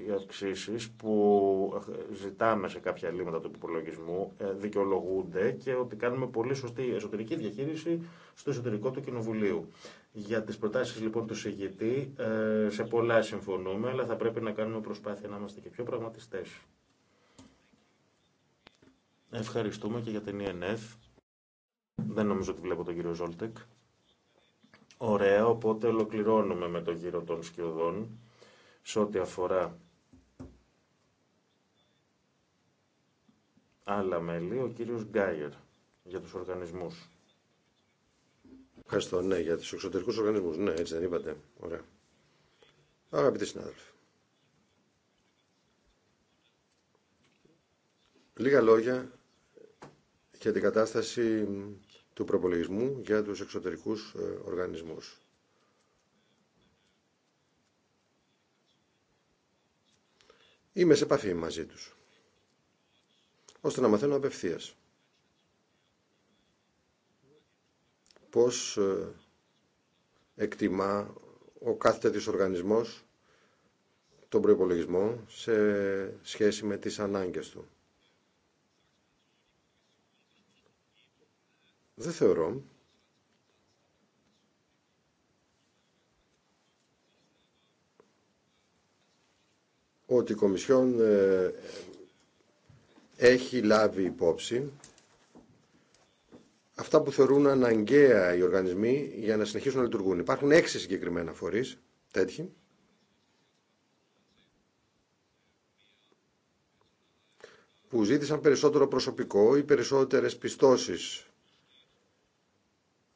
οι αυξήσει που ζητάμε σε κάποια λύματα του υπολογισμού ε, δικαιολογούνται και ότι κάνουμε πολύ σωστή εσωτερική διαχείριση στο εσωτερικό του Κοινοβουλίου. Για τις προτάσεις λοιπόν του συγγητή ε, σε πολλά συμφωνούμε, αλλά θα πρέπει να κάνουμε προσπάθεια να είμαστε και πιο πραγματιστές. Ευχαριστούμε και για την ΕΝΕΦ. Δεν νομίζω ότι βλέπω τον κύριο Ζόλτεκ. Ωραία, οπότε ολοκληρώνουμε με το γύρο των σκιωδών σε ό,τι αφορά άλλα μέλη, ο κύριος Γκάιερ για τους οργανισμούς. Ευχαριστώ, ναι, για τους εξωτερικούς οργανισμούς. Ναι, έτσι δεν είπατε. Ωραία. Αγαπητοί συνάδελφοι. Λίγα λόγια για την κατάσταση του προπολογισμού για τους εξωτερικούς ε, οργανισμούς. Είμαι σε επαφή μαζί τους, ώστε να μαθαίνω απευθείας πώς ε, εκτιμά ο κάθε τέτοιος οργανισμός τον προϋπολογισμό σε σχέση με τις ανάγκες του. Δεν θεωρώ ότι η Κομισιόν ε, έχει λάβει υπόψη αυτά που θεωρούν αναγκαία οι οργανισμοί για να συνεχίσουν να λειτουργούν. Υπάρχουν έξι συγκεκριμένα φορείς τέτοιοι. που ζήτησαν περισσότερο προσωπικό ή περισσότερες πιστώσεις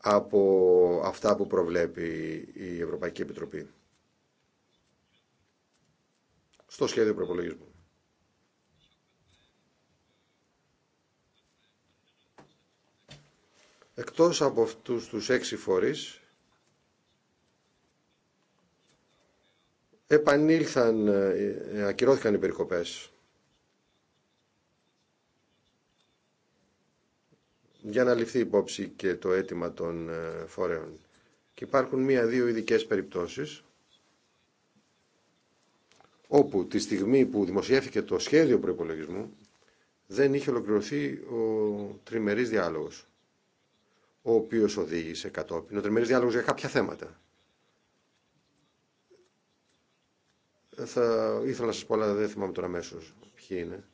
από αυτά που προβλέπει η Ευρωπαϊκή Επιτροπή στο σχέδιο προπολογισμού. Εκτός από αυτούς τους έξι φορείς, επανήλθαν, ε, ακυρώθηκαν οι περικοπές για να ληφθεί υπόψη και το αίτημα των ε, φορέων. Και υπάρχουν μία-δύο ειδικέ περιπτώσεις όπου τη στιγμή που δημοσιεύθηκε το σχέδιο προϋπολογισμού δεν είχε ολοκληρωθεί ο τριμερής διάλογος, ο οποίος οδήγησε κατόπιν, ο τριμερής διάλογος για κάποια θέματα. Θα ήθελα να σας πω, αλλά δεν θυμάμαι τώρα αμέσω ποιοι είναι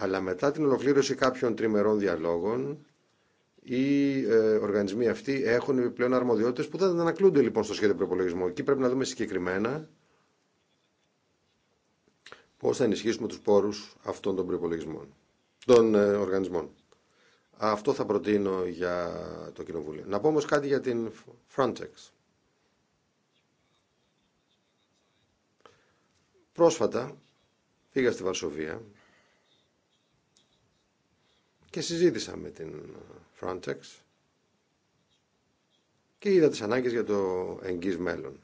αλλά μετά την ολοκλήρωση κάποιων τριμερών διαλόγων οι ε, οργανισμοί αυτοί έχουν επιπλέον αρμοδιότητες που δεν ανακλούνται λοιπόν στο σχέδιο προπολογισμού. Εκεί πρέπει να δούμε συγκεκριμένα πώς θα ενισχύσουμε τους πόρους αυτών των προπολογισμών, των ε, οργανισμών. Αυτό θα προτείνω για το Κοινοβούλιο. Να πω όμω κάτι για την Frontex. Πρόσφατα πήγα στη Βαρσοβία και συζήτησα με την Frontex και είδα τις ανάγκες για το εγγύς μέλλον.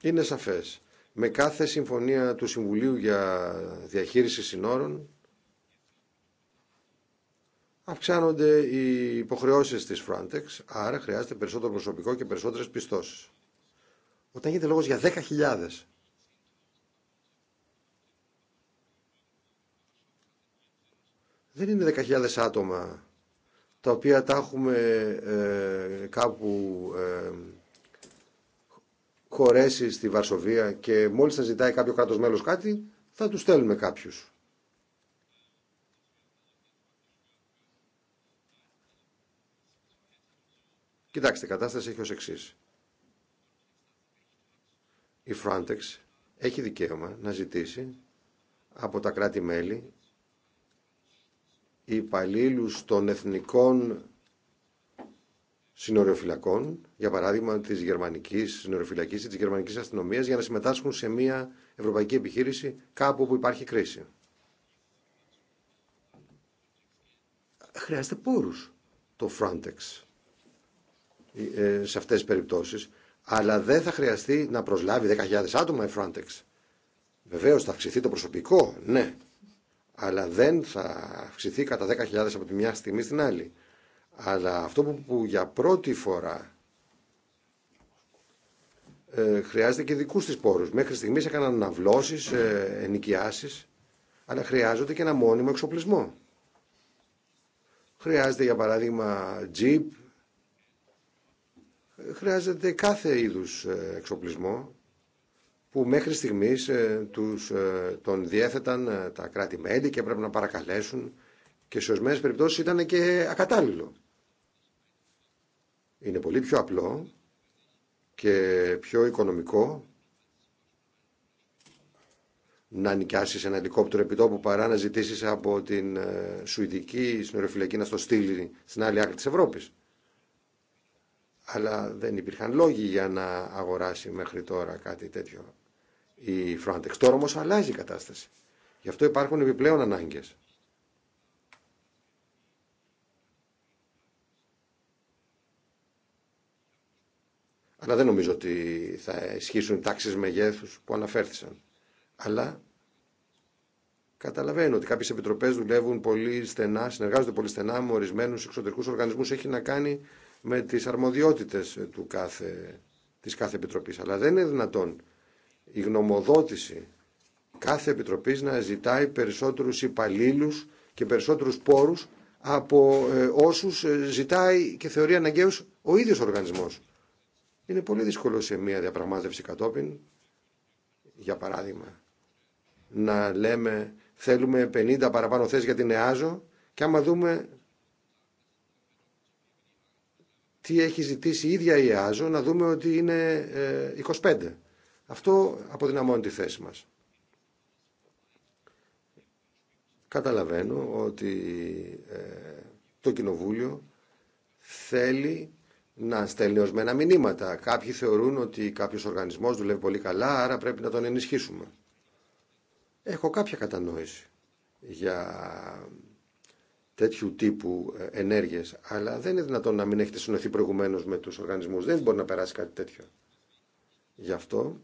Είναι σαφές. Με κάθε συμφωνία του Συμβουλίου για διαχείριση συνόρων αυξάνονται οι υποχρεώσεις της Frontex, άρα χρειάζεται περισσότερο προσωπικό και περισσότερες πιστώσεις. Όταν γίνεται λόγος για 10.000 δεν είναι 10.000 άτομα τα οποία τα έχουμε ε, κάπου ε, χωρέσει στη Βαρσοβία και μόλις θα ζητάει κάποιο κράτος μέλος κάτι, θα τους στέλνουμε κάποιους. Κοιτάξτε, η κατάσταση έχει ως εξής. Η Frontex έχει δικαίωμα να ζητήσει από τα κράτη-μέλη υπαλλήλου των εθνικών συνοριοφυλακών, για παράδειγμα της γερμανικής συνοριοφυλακή ή της γερμανικής αστυνομία για να συμμετάσχουν σε μια ευρωπαϊκή επιχείρηση κάπου όπου υπάρχει κρίση. Χρειάζεται πόρους το Frontex ε, ε, σε αυτές τις περιπτώσεις, αλλά δεν θα χρειαστεί να προσλάβει 10.000 άτομα η Frontex. Βεβαίως θα αυξηθεί το προσωπικό, ναι, αλλά δεν θα αυξηθεί κατά 10.000 από τη μια στιγμή στην άλλη. Αλλά αυτό που για πρώτη φορά ε, χρειάζεται και δικούς τη πόρους. Μέχρι στιγμής έκαναν αναβλώσεις, ε, αλλά χρειάζονται και ένα μόνιμο εξοπλισμό. Χρειάζεται για παράδειγμα τζιπ, ε, χρειάζεται κάθε είδους ε, εξοπλισμό που μέχρι στιγμής ε, τους, ε, τον διέθεταν ε, τα κράτη-μέλη και πρέπει να παρακαλέσουν και σε ορισμένε περιπτώσεις ήταν και ακατάλληλο. Είναι πολύ πιο απλό και πιο οικονομικό να νοικιάσει ένα ελικόπτερο επιτόπου παρά να ζητήσει από την Σουηδική συνοριοφυλακή να στο στείλει στην άλλη άκρη τη Ευρώπη. Αλλά δεν υπήρχαν λόγοι για να αγοράσει μέχρι τώρα κάτι τέτοιο η Frontex. Τώρα όμως αλλάζει η κατάσταση. Γι' αυτό υπάρχουν επιπλέον ανάγκες. Αλλά δεν νομίζω ότι θα ισχύσουν οι τάξεις μεγέθους που αναφέρθησαν. Αλλά καταλαβαίνω ότι κάποιες επιτροπές δουλεύουν πολύ στενά, συνεργάζονται πολύ στενά με ορισμένους εξωτερικούς οργανισμούς. Έχει να κάνει με τις αρμοδιότητες του κάθε, της κάθε επιτροπής. Αλλά δεν είναι δυνατόν η γνωμοδότηση κάθε επιτροπής να ζητάει περισσότερους υπαλλήλους και περισσότερους πόρους από ε, όσους ε, ζητάει και θεωρεί αναγκαίους ο ίδιος ο οργανισμός. Είναι πολύ δύσκολο σε μια διαπραγμάτευση κατόπιν, για παράδειγμα, να λέμε θέλουμε 50 παραπάνω θέσεις για την ΕΑΖΟ και άμα δούμε τι έχει ζητήσει η ίδια η ΕΑΖΟ να δούμε ότι είναι 25. Ε, αυτό αποδυναμώνει τη θέση μας. Καταλαβαίνω ότι ε, το Κοινοβούλιο θέλει να στέλνει ορισμένα μηνύματα. Κάποιοι θεωρούν ότι κάποιος οργανισμός δουλεύει πολύ καλά, άρα πρέπει να τον ενισχύσουμε. Έχω κάποια κατανόηση για τέτοιου τύπου ε, ενέργειες, αλλά δεν είναι δυνατόν να μην έχετε συνοθεί προηγουμένω με τους οργανισμούς. Δεν μπορεί να περάσει κάτι τέτοιο. Γι' αυτό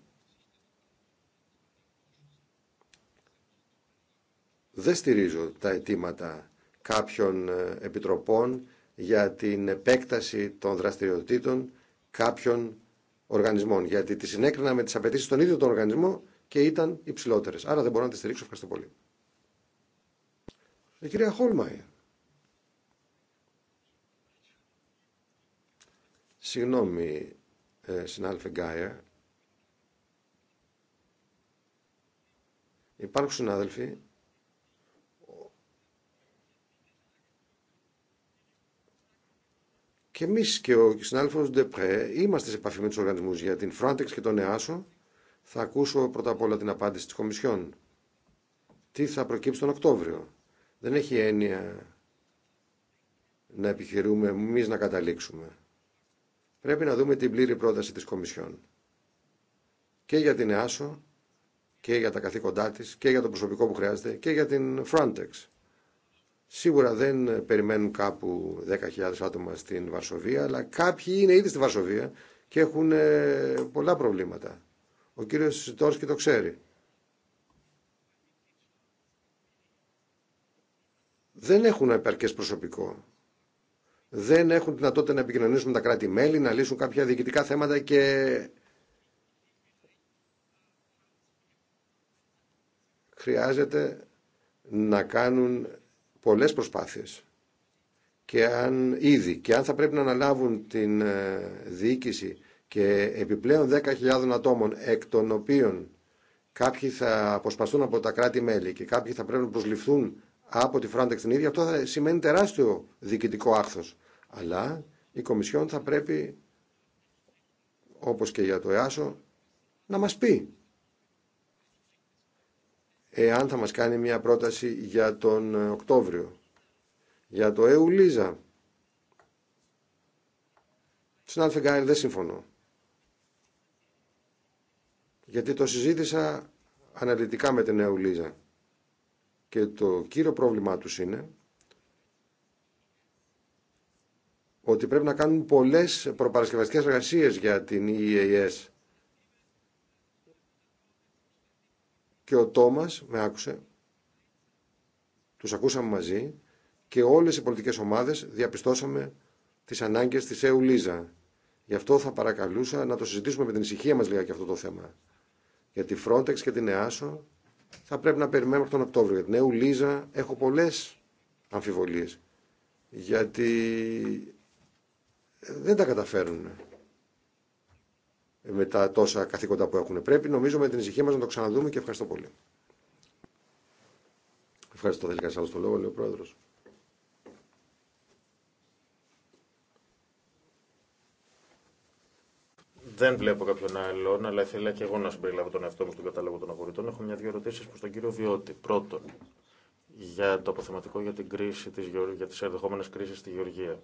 Δεν στηρίζω τα αιτήματα κάποιων ε, επιτροπών για την επέκταση των δραστηριοτήτων κάποιων οργανισμών. Γιατί τη συνέκρινα με τι απαιτήσει των ίδιων των οργανισμών και ήταν υψηλότερε. Άρα δεν μπορώ να τη στηρίξω. Ευχαριστώ πολύ. Η κυρία Χόλμαϊ. Συγγνώμη, ε, συνάδελφε Γκάιερ. Υπάρχουν συνάδελφοι Και εμεί και ο συνάδελφο Ντεπρέ είμαστε σε επαφή με του οργανισμού για την Frontex και τον ΕΑΣΟ. Θα ακούσω πρώτα απ' όλα την απάντηση τη Κομισιόν. Τι θα προκύψει τον Οκτώβριο. Δεν έχει έννοια να επιχειρούμε εμεί να καταλήξουμε. Πρέπει να δούμε την πλήρη πρόταση της Κομισιόν. Και για την ΕΑΣΟ και για τα καθήκοντά της και για το προσωπικό που χρειάζεται και για την Frontex. Σίγουρα δεν περιμένουν κάπου 10.000 άτομα στην Βαρσοβία, αλλά κάποιοι είναι ήδη στη Βαρσοβία και έχουν ε, πολλά προβλήματα. Ο κύριος Σιτόρσκι το ξέρει. Δεν έχουν επαρκές προσωπικό. Δεν έχουν δυνατότητα να επικοινωνήσουν τα κράτη-μέλη, να λύσουν κάποια διοικητικά θέματα και χρειάζεται να κάνουν πολλές προσπάθειες και αν ήδη και αν θα πρέπει να αναλάβουν την ε, διοίκηση και επιπλέον 10.000 ατόμων εκ των οποίων κάποιοι θα αποσπαστούν από τα κράτη-μέλη και κάποιοι θα πρέπει να προσληφθούν από τη Frontex την ίδια, αυτό θα σημαίνει τεράστιο διοικητικό άχθος. Αλλά η Κομισιόν θα πρέπει, όπως και για το ΕΑΣΟ, να μας πει εάν θα μας κάνει μια πρόταση για τον Οκτώβριο. Για το ε ΛΙΖΑ, στην Γκάιλ, δεν συμφωνώ. Γιατί το συζήτησα αναλυτικά με την ε ΛΙΖΑ. Και το κύριο πρόβλημά τους είναι ότι πρέπει να κάνουν πολλές προπαρασκευαστικές εργασίες για την EAS ε και ο Τόμας με άκουσε. Τους ακούσαμε μαζί και όλες οι πολιτικές ομάδες διαπιστώσαμε τις ανάγκες της ΕΟΥ Λίζα. Γι' αυτό θα παρακαλούσα να το συζητήσουμε με την ησυχία μας λίγα και αυτό το θέμα. Για τη Frontex και την ΕΑΣΟ θα πρέπει να περιμένουμε τον Οκτώβριο. Για την ΕΟΥ Λίζα έχω πολλές αμφιβολίες. Γιατί δεν τα καταφέρουν με τα τόσα καθήκοντα που έχουν. Πρέπει νομίζω με την ησυχία μα να το ξαναδούμε και ευχαριστώ πολύ. Ευχαριστώ. Θέλει κανείς άλλο το λόγο, λέει ο πρόεδρο. Δεν βλέπω κάποιον άλλον, αλλά ήθελα και εγώ να συμπεριλάβω τον εαυτό μου στον κατάλογο των αγορητών. Έχω μια-δύο ερωτήσει προ τον κύριο Διώτη. Πρώτον, για το αποθεματικό για, την κρίση, της, για τις ενδεχόμενε κρίσεις στη Γεωργία,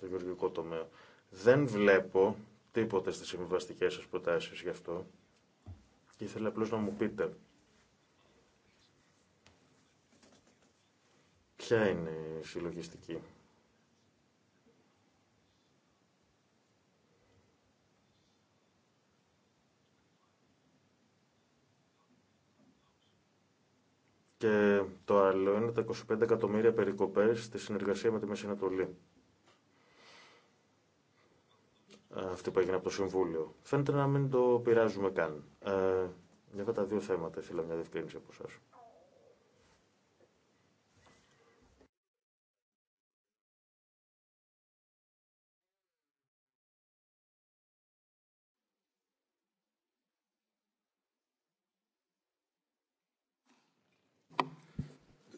το γεωργικό τομέα. Δεν βλέπω τίποτα στις συμβιβαστικέ σας προτάσεις γι' αυτό. Και ήθελα απλώς να μου πείτε ποια είναι η συλλογιστική. Και το άλλο είναι τα 25 εκατομμύρια περικοπές στη συνεργασία με τη Μέση αυτή που έγινε από το Συμβούλιο. Φαίνεται να μην το πειράζουμε καν. Ε, για αυτά τα δύο θέματα ήθελα μια διευκρίνηση από εσά.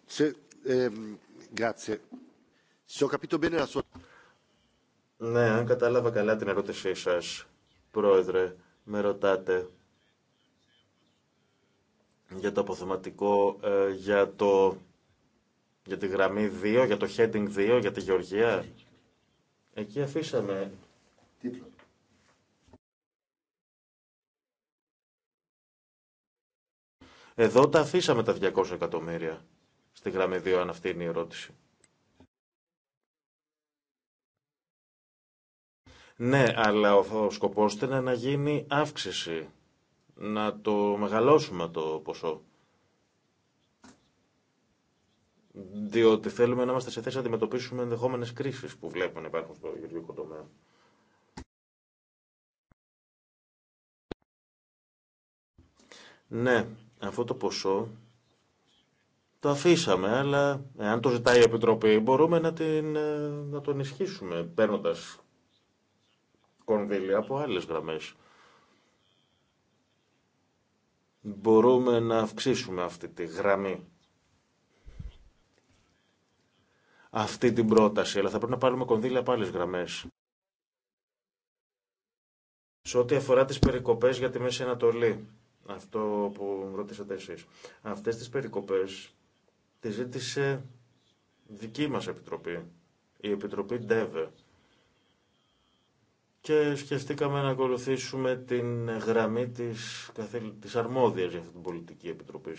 Σε, ehm, grazie. Se ho capito bene la sua... Ναι, αν κατάλαβα καλά την ερώτησή σας, Πρόεδρε, με ρωτάτε για το αποθεματικό, ε, για, το, για τη γραμμή 2, για το heading 2, για τη Γεωργία. Εκεί αφήσαμε... Τίτλο. Εδώ τα αφήσαμε τα 200 εκατομμύρια στη γραμμή 2, αν αυτή είναι η ερώτηση. Ναι, αλλά ο σκοπός ήταν να γίνει αύξηση, να το μεγαλώσουμε το ποσό. Διότι θέλουμε να είμαστε σε θέση να αντιμετωπίσουμε ενδεχόμενες κρίσεις που βλέπουμε να υπάρχουν στο γεωργικό τομέα. Ναι, αυτό το ποσό το αφήσαμε, αλλά εάν το ζητάει η Επιτροπή μπορούμε να, την, ε, να το ενισχύσουμε παίρνοντας κονδύλια από άλλες γραμμές. Μπορούμε να αυξήσουμε αυτή τη γραμμή. Αυτή την πρόταση, αλλά θα πρέπει να πάρουμε κονδύλια από άλλες γραμμές. Σε ό,τι αφορά τις περικοπές για τη Μέση Ανατολή, αυτό που ρωτήσατε εσείς, αυτές τις περικοπές τη ζήτησε δική μας Επιτροπή, η Επιτροπή ΝΤΕΒΕ και σκεφτήκαμε να ακολουθήσουμε την γραμμή της, της αρμόδιας για αυτή την πολιτική επιτροπή.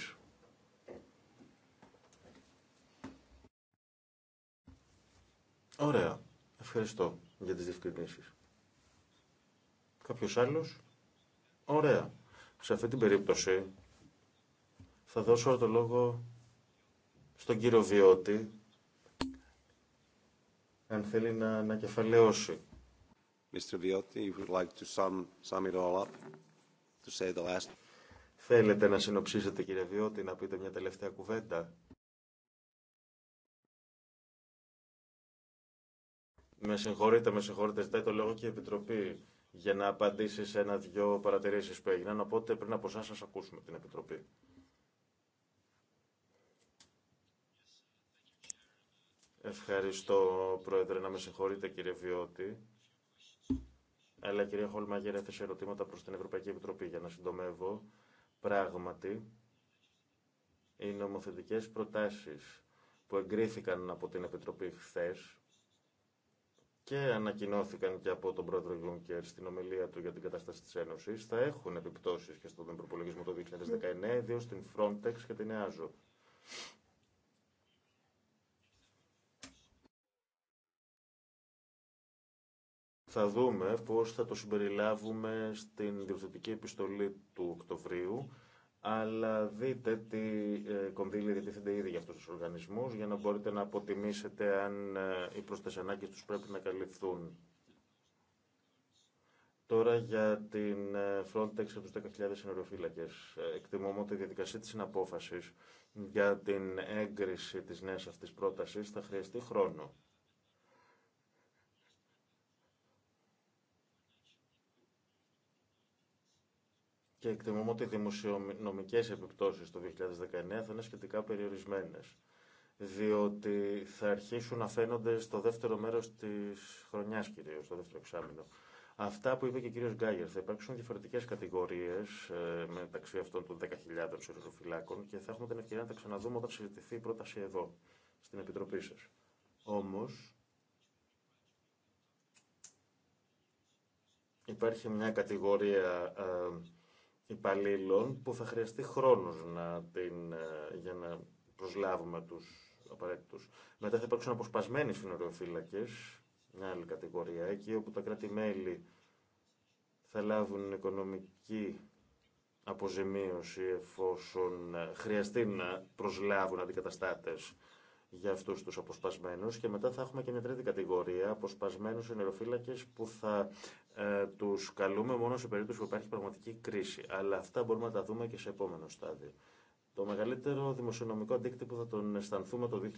Ωραία. Ευχαριστώ για τις διευκρινήσεις. Κάποιος άλλος. Ωραία. Σε αυτή την περίπτωση θα δώσω το λόγο στον κύριο Βιώτη αν θέλει να ανακεφαλαιώσει Mr. Viotti, like to sum, it all up, to say the last. Θέλετε να συνοψίσετε, κύριε Βιώτη, να πείτε μια τελευταία κουβέντα. Με συγχωρείτε, με συγχωρείτε, ζητάει το λόγο και η Επιτροπή για να απαντήσει σε ένα-δυο παρατηρήσεις που έγιναν, οπότε πριν από εσάς σας ακούσουμε την Επιτροπή. Ευχαριστώ, Πρόεδρε, να με συγχωρείτε, κύριε Βιώτη αλλά η κυρία Χολμάγερ έθεσε ερωτήματα προς την Ευρωπαϊκή Επιτροπή για να συντομεύω. Πράγματι, οι νομοθετικές προτάσεις που εγκρίθηκαν από την Επιτροπή χθε και ανακοινώθηκαν και από τον πρόεδρο Γιούνκερ στην ομιλία του για την κατάσταση της Ένωσης, θα έχουν επιπτώσεις και στον προπολογισμό το 2019, ναι. ιδίως στην Frontex και την EASO. Θα δούμε πώς θα το συμπεριλάβουμε στην διορθωτική επιστολή του Οκτωβρίου, αλλά δείτε τι ε, κονδύλια διατίθενται ήδη για αυτούς τους οργανισμούς, για να μπορείτε να αποτιμήσετε αν ε, οι προστασιανάκες τους πρέπει να καλυφθούν. Τώρα για την ε, Frontex από τους 10.000 συνοριοφύλακες. Εκτιμώ ότι η διαδικασία της συναπόφασης για την έγκριση της νέας αυτής πρότασης θα χρειαστεί χρόνο. και εκτιμούμε ότι οι δημοσιονομικές επιπτώσεις το 2019 θα είναι σχετικά περιορισμένες διότι θα αρχίσουν να φαίνονται στο δεύτερο μέρος της χρονιάς κυρίως, στο δεύτερο εξάμεινο. Αυτά που είπε και ο κύριος Γκάγερ, θα υπάρξουν διαφορετικές κατηγορίες ε, μεταξύ αυτών των 10.000 φυλάκων και θα έχουμε την ευκαιρία να τα ξαναδούμε όταν συζητηθεί η πρόταση εδώ, στην Επιτροπή σας. Όμως, υπάρχει μια κατηγορία ε, υπαλλήλων που θα χρειαστεί χρόνος να την, ε, για να προσλάβουμε τους απαραίτητους. Μετά θα υπάρξουν αποσπασμένοι συνοριοφύλακες, μια άλλη κατηγορία, εκεί όπου τα κράτη-μέλη θα λάβουν οικονομική αποζημίωση εφόσον ε, χρειαστεί να προσλάβουν αντικαταστάτες για αυτούς τους αποσπασμένους και μετά θα έχουμε και μια τρίτη κατηγορία αποσπασμένους ενεροφύλακες που θα ε, τους καλούμε μόνο σε περίπτωση που υπάρχει πραγματική κρίση. Αλλά αυτά μπορούμε να τα δούμε και σε επόμενο στάδιο. Το μεγαλύτερο δημοσιονομικό αντίκτυπο θα τον αισθανθούμε το 2020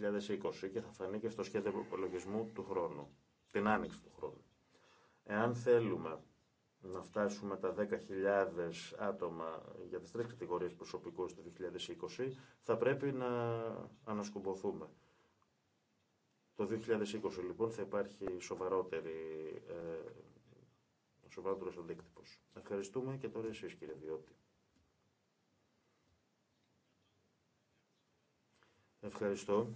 και θα φανεί και στο σχέδιο υπολογισμού του χρόνου, την άνοιξη του χρόνου. Εάν θέλουμε να φτάσουμε τα 10.000 άτομα για τις τρεις κατηγορίες προσωπικού του 2020, θα πρέπει να ανασκουμποθούμε. Το 2020 λοιπόν θα υπάρχει σοβαρότερη, ε, σοβαρότερος αντίκτυπος. Ευχαριστούμε και τώρα εσείς κύριε Διώτη. Ευχαριστώ.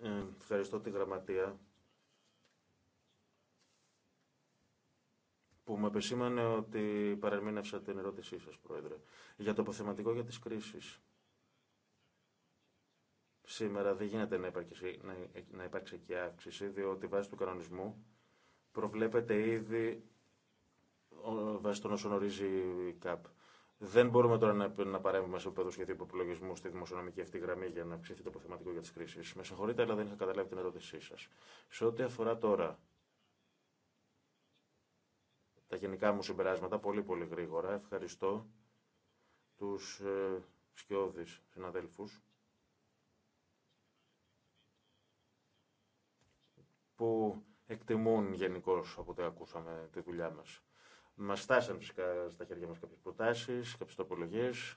Ε, ευχαριστώ τη γραμματεία που με επισήμανε ότι παρεμήνευσα την ερώτησή σας, Πρόεδρε, για το αποθεματικό για τις κρίσεις. Σήμερα δεν γίνεται να υπάρξει, να, να υπάρξει εκεί αύξηση, διότι βάσει του κανονισμού προβλέπεται ήδη βάσει των όσων ορίζει η ΚΑΠ. Δεν μπορούμε τώρα να, να παρέμβουμε σε επίπεδο σχεδίου υποπλογισμού στη δημοσιονομική αυτή γραμμή για να αυξηθεί το αποθεματικό για τι κρίσει. Με συγχωρείτε, αλλά δεν είχα καταλάβει την ερώτησή σα. Σε ό,τι αφορά τώρα τα γενικά μου συμπεράσματα, πολύ πολύ γρήγορα, ευχαριστώ τους ε, σκιώδεις συναδέλφους που εκτιμούν γενικώ από ό,τι ακούσαμε τη δουλειά μας. Μας στάσαν φυσικά στα χέρια μα κάποιες προτάσεις, κάποιες τοπολογίες.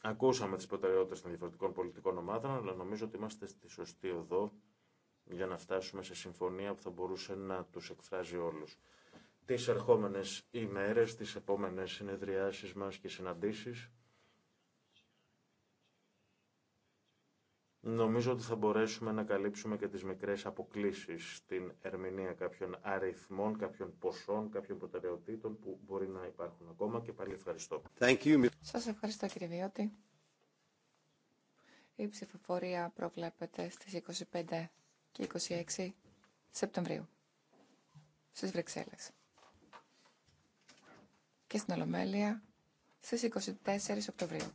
Ακούσαμε τις προτεραιότητες των διαφορετικών πολιτικών ομάδων, αλλά νομίζω ότι είμαστε στη σωστή οδό για να φτάσουμε σε συμφωνία που θα μπορούσε να τους εκφράζει όλους. Τις ερχόμενες ημέρες, τις επόμενες συνεδριάσεις μας και συναντήσεις, Νομίζω ότι θα μπορέσουμε να καλύψουμε και τις μικρές αποκλίσεις στην ερμηνεία κάποιων αριθμών, κάποιων ποσών, κάποιων προτεραιοτήτων που μπορεί να υπάρχουν ακόμα και πάλι ευχαριστώ. Thank you. Σας ευχαριστώ κύριε Βιώτη. Η ψηφοφορία προβλέπεται στις 25 και 26 Σεπτεμβρίου στις Βρυξέλλες και στην Ολομέλεια στις 24 Οκτωβρίου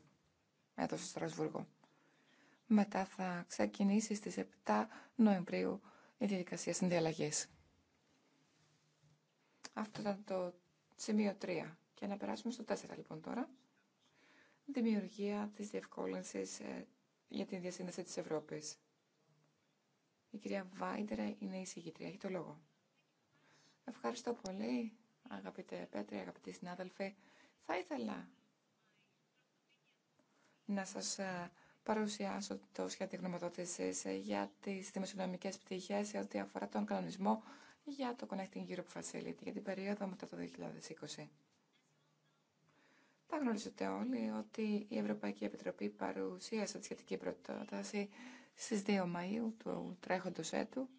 εδώ στο Στρασβούργο. Μετά θα ξεκινήσει στις 7 Νοεμβρίου η διαδικασία συνδιαλλαγής. Αυτό ήταν το σημείο 3. Και να περάσουμε στο 4 λοιπόν τώρα. Δημιουργία της διευκόλυνσης ε, για τη διασύνδεση της Ευρώπης. Η κυρία Βάιντερα είναι η συγγήτρια. Έχει το λόγο. Ευχαριστώ πολύ, αγαπητέ Πέτρη, αγαπητοί συνάδελφοι. Θα ήθελα να σας ε, παρουσιάσω το σχέδιο γνωμοδότηση για τις δημοσιονομικέ πτυχέ, σε ό,τι αφορά τον κανονισμό για το Connecting Europe Facility για την περίοδο μετά το 2020. Τα γνωρίζετε όλοι ότι η Ευρωπαϊκή Επιτροπή παρουσίασε τη σχετική προτάση στις 2 Μαΐου του τρέχοντος έτου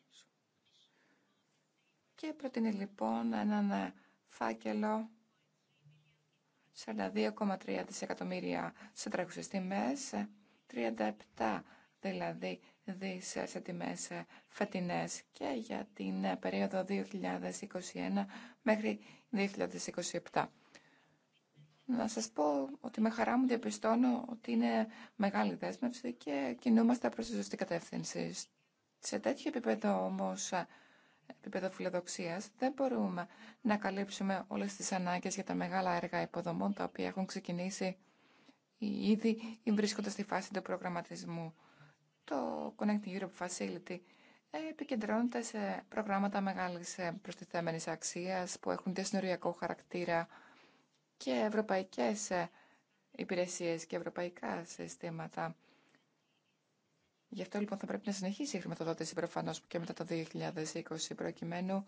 και προτείνει λοιπόν έναν φάκελο 42,3 δισεκατομμύρια σε τρέχουσε τιμέ. 37 δηλαδή δις ε, σε τιμές ε, φετινές και για την ε, περίοδο 2021 μέχρι 2027. Να σας πω ότι με χαρά μου διαπιστώνω ότι είναι μεγάλη δέσμευση και κινούμαστε προς τη ζωστή κατεύθυνση. Σε τέτοιο επίπεδο όμως, επίπεδο φιλοδοξίας, δεν μπορούμε να καλύψουμε όλες τις ανάγκες για τα μεγάλα έργα υποδομών τα οποία έχουν ξεκινήσει ήδη βρίσκονται στη φάση του προγραμματισμού. Το Connecting Europe Facility επικεντρώνεται σε προγράμματα μεγάλης προστιθέμενης αξίας που έχουν διασυνοριακό χαρακτήρα και ευρωπαϊκές υπηρεσίες και ευρωπαϊκά συστήματα. Γι' αυτό λοιπόν θα πρέπει να συνεχίσει η χρηματοδότηση προφανώ και μετά το 2020, προκειμένου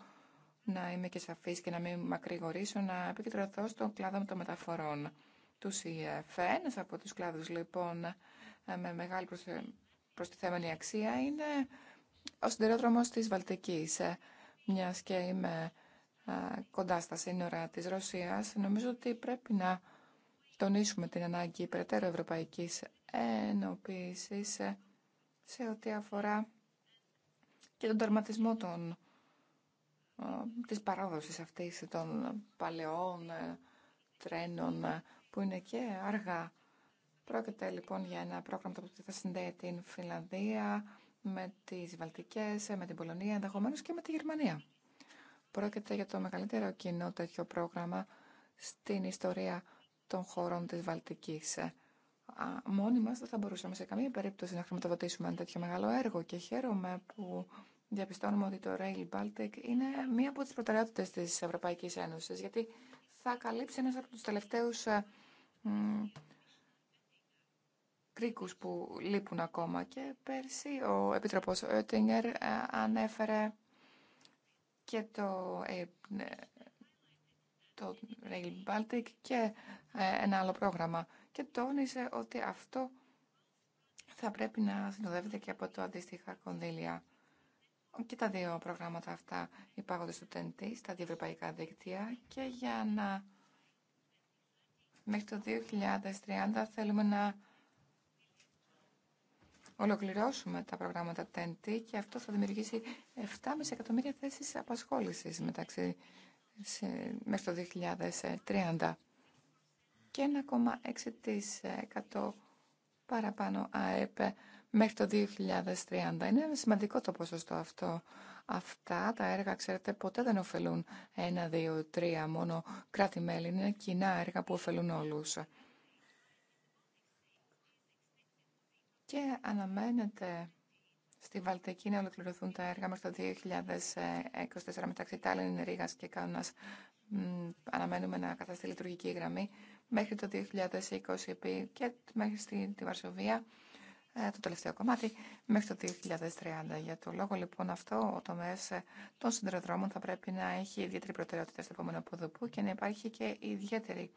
να είμαι και σαφής και να μην μακρηγορήσω, να επικεντρωθώ στον κλάδο των μεταφορών του e από τους κλάδους λοιπόν ε, με μεγάλη προστιθέμενη αξία είναι ο συντηρόδρομο της Βαλτική, ε, μιας και είμαι ε, κοντά στα σύνορα της Ρωσίας. Νομίζω ότι πρέπει να τονίσουμε την ανάγκη περαιτέρω ευρωπαϊκής ενοποίησης σε ό,τι αφορά και τον τερματισμό των, της παράδοσης αυτής των παλαιών τρένων που είναι και αργά. Πρόκειται λοιπόν για ένα πρόγραμμα που θα συνδέει την Φιλανδία με τις Βαλτικές, με την Πολωνία ενδεχομένω και με τη Γερμανία. Πρόκειται για το μεγαλύτερο κοινό τέτοιο πρόγραμμα στην ιστορία των χωρών της Βαλτικής. Μόνοι μας δεν θα μπορούσαμε σε καμία περίπτωση να χρηματοδοτήσουμε ένα τέτοιο μεγάλο έργο και χαίρομαι που διαπιστώνουμε ότι το Rail Baltic είναι μία από τις προτεραιότητες της Ευρωπαϊκής Ένωση. γιατί θα καλύψει ένας από τους τελευταίους ε, κρίκους που λείπουν ακόμα. Και πέρσι ο Επιτροπός Oettinger ε, ανέφερε και το, ε, το Rail Baltic και ένα άλλο πρόγραμμα και τόνισε ότι αυτό θα πρέπει να συνοδεύεται και από το αντίστοιχα κονδύλια και τα δύο προγράμματα αυτά υπάγονται στο TNT, στα διευρωπαϊκά δίκτυα και για να μέχρι το 2030 θέλουμε να ολοκληρώσουμε τα προγράμματα TNT και αυτό θα δημιουργήσει 7,5 εκατομμύρια θέσεις απασχόλησης μεταξύ σε, μέχρι το 2030 και 1,6% παραπάνω ΑΕΠ μέχρι το 2030. Είναι σημαντικό το ποσοστό αυτό. Αυτά τα έργα, ξέρετε, ποτέ δεν ωφελούν ένα, δύο, τρία μόνο κράτη-μέλη. Είναι κοινά έργα που ωφελούν όλους. Και αναμένεται στη Βαλτική να ολοκληρωθούν τα έργα μέχρι το 2024 μεταξύ Τάλιν, Ρήγας και Κάνας. Αναμένουμε να καταστεί λειτουργική γραμμή μέχρι το 2020 και μέχρι στη Βαρσοβία ε, το τελευταίο κομμάτι μέχρι το 2030. Για το λόγο λοιπόν αυτό, ο τομέα ε, των συνδροδρόμων θα πρέπει να έχει ιδιαίτερη προτεραιότητα στο επόμενο ποδοπού και να υπάρχει και ιδιαίτερη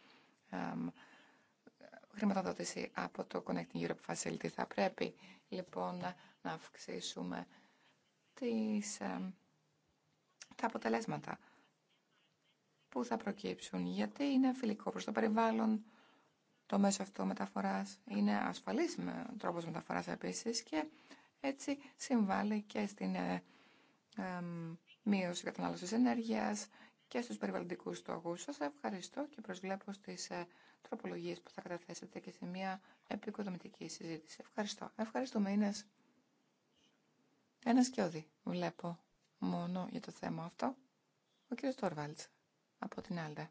χρηματοδότηση από το Connecting Europe Facility. Θα πρέπει λοιπόν να αυξήσουμε τις, τα αποτελέσματα που θα προκύψουν, γιατί είναι φιλικό προς το περιβάλλον, το μέσο αυτό μεταφοράς είναι ασφαλής με τρόπος μεταφοράς επίσης και έτσι συμβάλλει και στην ε, μείωση κατανάλωσης ενέργειας και στους περιβαλλοντικούς στόχους. Σας ευχαριστώ και προσβλέπω στις ε, τροπολογίες που θα καταθέσετε και σε μια επικοδομητική συζήτηση. Ευχαριστώ. Ευχαριστούμε, Ίνες. Ένα σκιώδη βλέπω μόνο για το θέμα αυτό. Ο κύριος Τόρβαλτς από την Άλτα.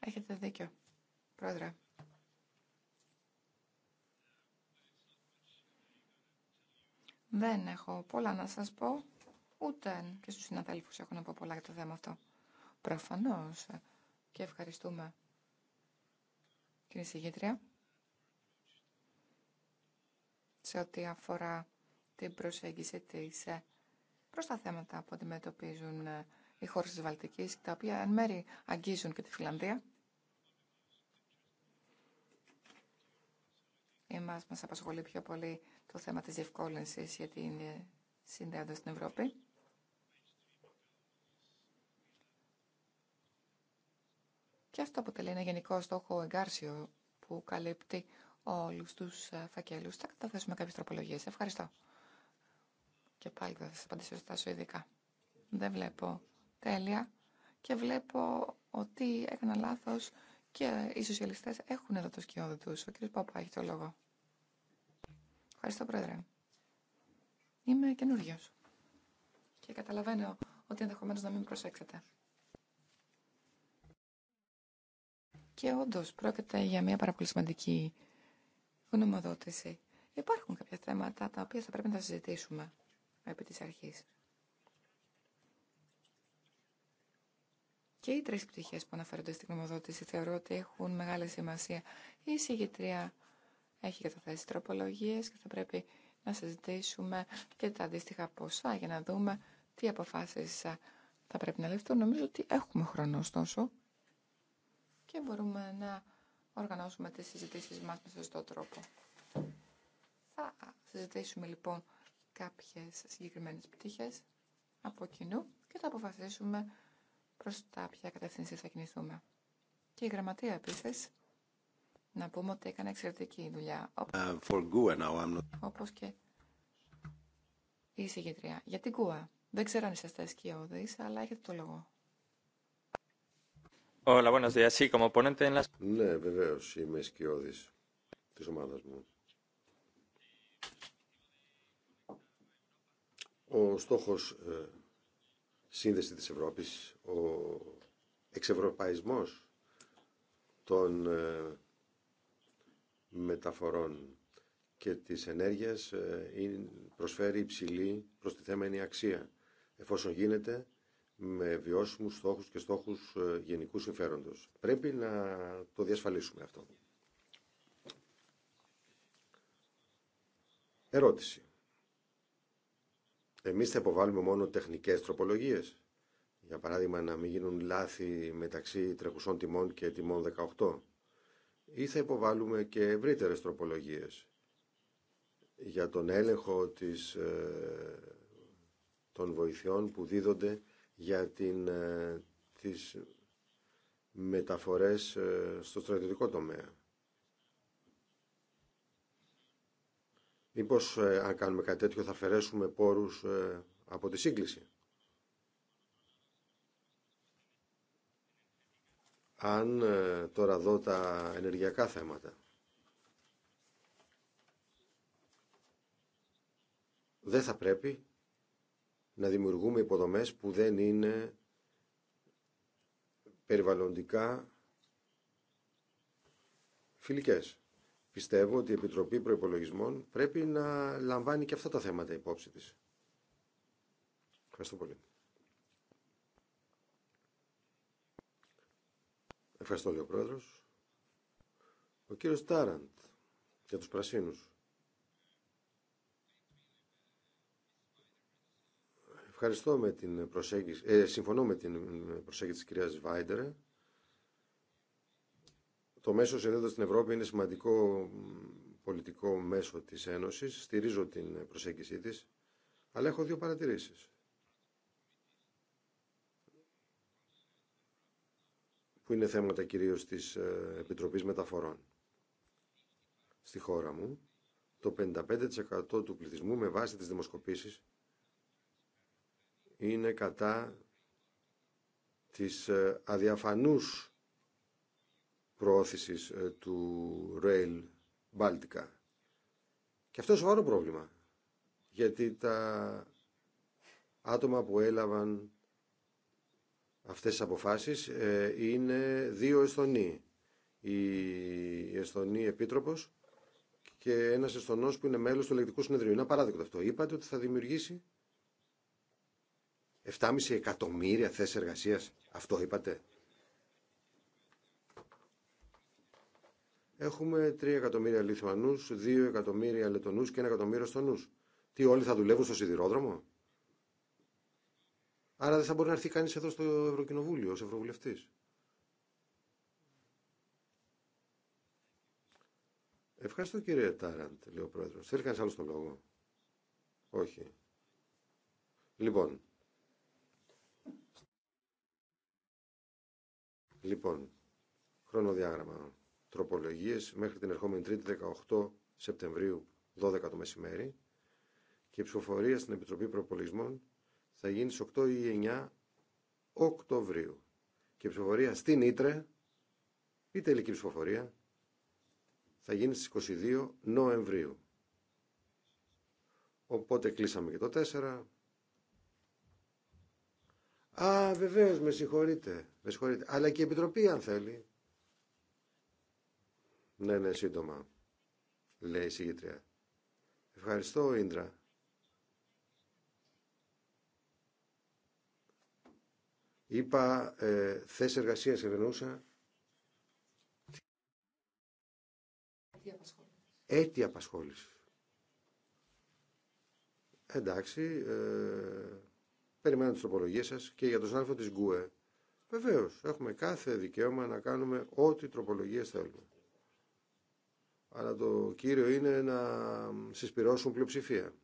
Έχετε δίκιο, πρόεδρε. Δεν έχω πολλά να σας πω, ούτε και στους συναδέλφους έχω να πω πολλά για το θέμα αυτό. Προφανώς και ευχαριστούμε κύριε εισηγήτρια σε ό,τι αφορά την προσέγγιση της ε, προς τα θέματα που αντιμετωπίζουν ε, οι χώρες της Βαλτικής, τα οποία εν μέρη αγγίζουν και τη Φιλανδία. μας μας απασχολεί πιο πολύ το θέμα της διευκόλυνσης γιατί είναι συνδέοντα στην Ευρώπη. Και αυτό αποτελεί ένα γενικό στόχο εγκάρσιο που καλύπτει όλους τους ε, φακέλους. Θα καταθέσουμε κάποιες τροπολογίες. Ευχαριστώ. Και πάλι θα σας απαντήσω στα σου ειδικά. Δεν βλέπω τέλεια και βλέπω ότι έκανα λάθος και οι σοσιαλιστές έχουν εδώ το σκιώδη τους. Ο κ. Παπά έχει το λόγο. Ευχαριστώ, Πρόεδρε. Είμαι καινούριο. Και καταλαβαίνω ότι ενδεχομένω να μην προσέξετε. Και όντω πρόκειται για μια πάρα πολύ σημαντική γνωμοδότηση. Υπάρχουν κάποια θέματα τα οποία θα πρέπει να συζητήσουμε επί τις αρχή. Και οι τρεις πτυχές που αναφέρονται στην γνωμοδότηση θεωρώ ότι έχουν μεγάλη σημασία. Η συγκεκριά έχει καταθέσει τροπολογίε και θα πρέπει να συζητήσουμε και τα αντίστοιχα ποσά για να δούμε τι αποφάσεις ε, θα πρέπει να ληφθούν. Νομίζω ότι έχουμε χρόνο ωστόσο και μπορούμε να οργανώσουμε τις συζητήσεις μας με σωστό τρόπο. Θα συζητήσουμε λοιπόν κάποιες συγκεκριμένες πτυχές από κοινού και θα αποφασίσουμε προς τα ποια θα κινηθούμε. Και η γραμματεία επίσης να πούμε ότι έκανε εξαιρετική δουλειά. Όπω ε, Όπως και η εισηγητρία. Για την Κούα. Δεν ξέρω αν είσαστε σκιώδης, αλλά έχετε το λόγο. buenos días. Sí, como ponente en las... Ναι, βεβαίω είμαι σκιώδης τη ομάδα μου. Ο στόχο ε, σύνδεση τη Ευρώπη, ο εξευρωπαϊσμό των ε, μεταφορών και της ενέργειας ε, προσφέρει υψηλή προστιθέμενη αξία εφόσον γίνεται με βιώσιμους στόχους και στόχους ε, γενικού συμφέροντος. Πρέπει να το διασφαλίσουμε αυτό. Ερώτηση. Εμείς θα υποβάλουμε μόνο τεχνικές τροπολογίες. Για παράδειγμα να μην γίνουν λάθη μεταξύ τρεχουσών τιμών και τιμών 18 ή θα υποβάλουμε και ευρύτερες τροπολογίες για τον έλεγχο της, ε, των βοηθειών που δίδονται για την, ε, τις μεταφορές ε, στο στρατιωτικό τομέα. Μήπως αν κάνουμε κάτι τέτοιο θα αφαιρέσουμε πόρους από τη σύγκληση. αν ε, τώρα δω τα ενεργειακά θέματα. Δεν θα πρέπει να δημιουργούμε υποδομές που δεν είναι περιβαλλοντικά φιλικές. Πιστεύω ότι η Επιτροπή Προϋπολογισμών πρέπει να λαμβάνει και αυτά τα θέματα υπόψη της. Ευχαριστώ πολύ. Ευχαριστώ, λέει ο Ο κύριος Τάραντ για τους Πρασίνους. Ευχαριστώ με την προσέγγιση, ε, συμφωνώ με την προσέγγιση της κυρίας Βάιντερε. Το μέσο συνδέοντας στην Ευρώπη είναι σημαντικό πολιτικό μέσο της Ένωσης. Στηρίζω την προσέγγιση της, αλλά έχω δύο παρατηρήσεις. που είναι θέματα κυρίως της ε, Επιτροπής Μεταφορών. Στη χώρα μου, το 55% του πληθυσμού με βάση τις δημοσκοπήσεις είναι κατά της ε, αδιαφανούς προώθησης ε, του Rail Baltica. Και αυτό είναι σοβαρό πρόβλημα, γιατί τα άτομα που έλαβαν αυτές τις αποφάσεις ε, είναι δύο Εσθονοί. Η Εσθονή Επίτροπος και ένας Εσθονός που είναι μέλος του Ελεκτικού Συνεδρίου. Είναι παράδειγμα αυτό. Είπατε ότι θα δημιουργήσει 7,5 εκατομμύρια θέσεις εργασίας. Αυτό είπατε. Έχουμε 3 εκατομμύρια Λιθουανούς, 2 εκατομμύρια Λετονούς και 1 εκατομμύριο εσθονούς. Τι όλοι θα δουλεύουν στο σιδηρόδρομο. Άρα δεν θα μπορεί να έρθει κανείς εδώ στο Ευρωκοινοβούλιο ως Ευρωβουλευτής. Ευχαριστώ κύριε Τάραντ, λέει ο πρόεδρος. Θέλει κανείς άλλο τον λόγο. Όχι. Λοιπόν. Λοιπόν. Χρονοδιάγραμμα. Τροπολογίες μέχρι την ερχόμενη Τρίτη 18 Σεπτεμβρίου 12 το μεσημέρι και ψηφοφορία στην Επιτροπή Προπολογισμών θα γίνει στις 8 ή 9 Οκτωβρίου. Και η ψηφοφορία στην Ήτρε, η τελική ψηφοφορία, θα γίνει στις 22 Νοεμβρίου. Οπότε κλείσαμε και το 4. Α, βεβαίως, με συγχωρείτε. Με συγχωρείτε. Αλλά και η Επιτροπή, αν θέλει. Ναι, ναι, σύντομα, λέει η συγγήτρια. Ευχαριστώ, Ίντρα. Είπα ε, εργασία εργασίας ευνοούσα. Έτη απασχόληση. Εντάξει, ε, περιμένω τις τροπολογίες σας και για τον συνάδελφο της ΓΚΟΕ. Βεβαίω έχουμε κάθε δικαίωμα να κάνουμε ό,τι τροπολογίες θέλουμε. Αλλά το κύριο είναι να συσπηρώσουν πλειοψηφία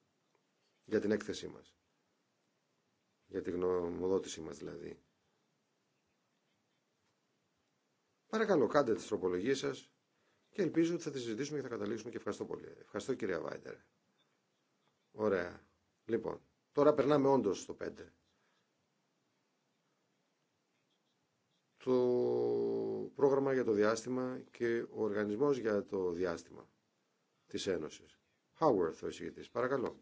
για την έκθεσή μας. Για την γνωμοδότησή μας δηλαδή. Παρακαλώ, κάντε τι τροπολογίε σα και ελπίζω ότι θα τι συζητήσουμε και θα καταλήξουμε και ευχαριστώ πολύ. Ευχαριστώ, κυρία Βάιντερ. Ωραία. Λοιπόν, τώρα περνάμε όντω στο 5. Το πρόγραμμα για το διάστημα και ο οργανισμός για το διάστημα της Ένωσης. Χάουερθ ο εισηγητής. Παρακαλώ.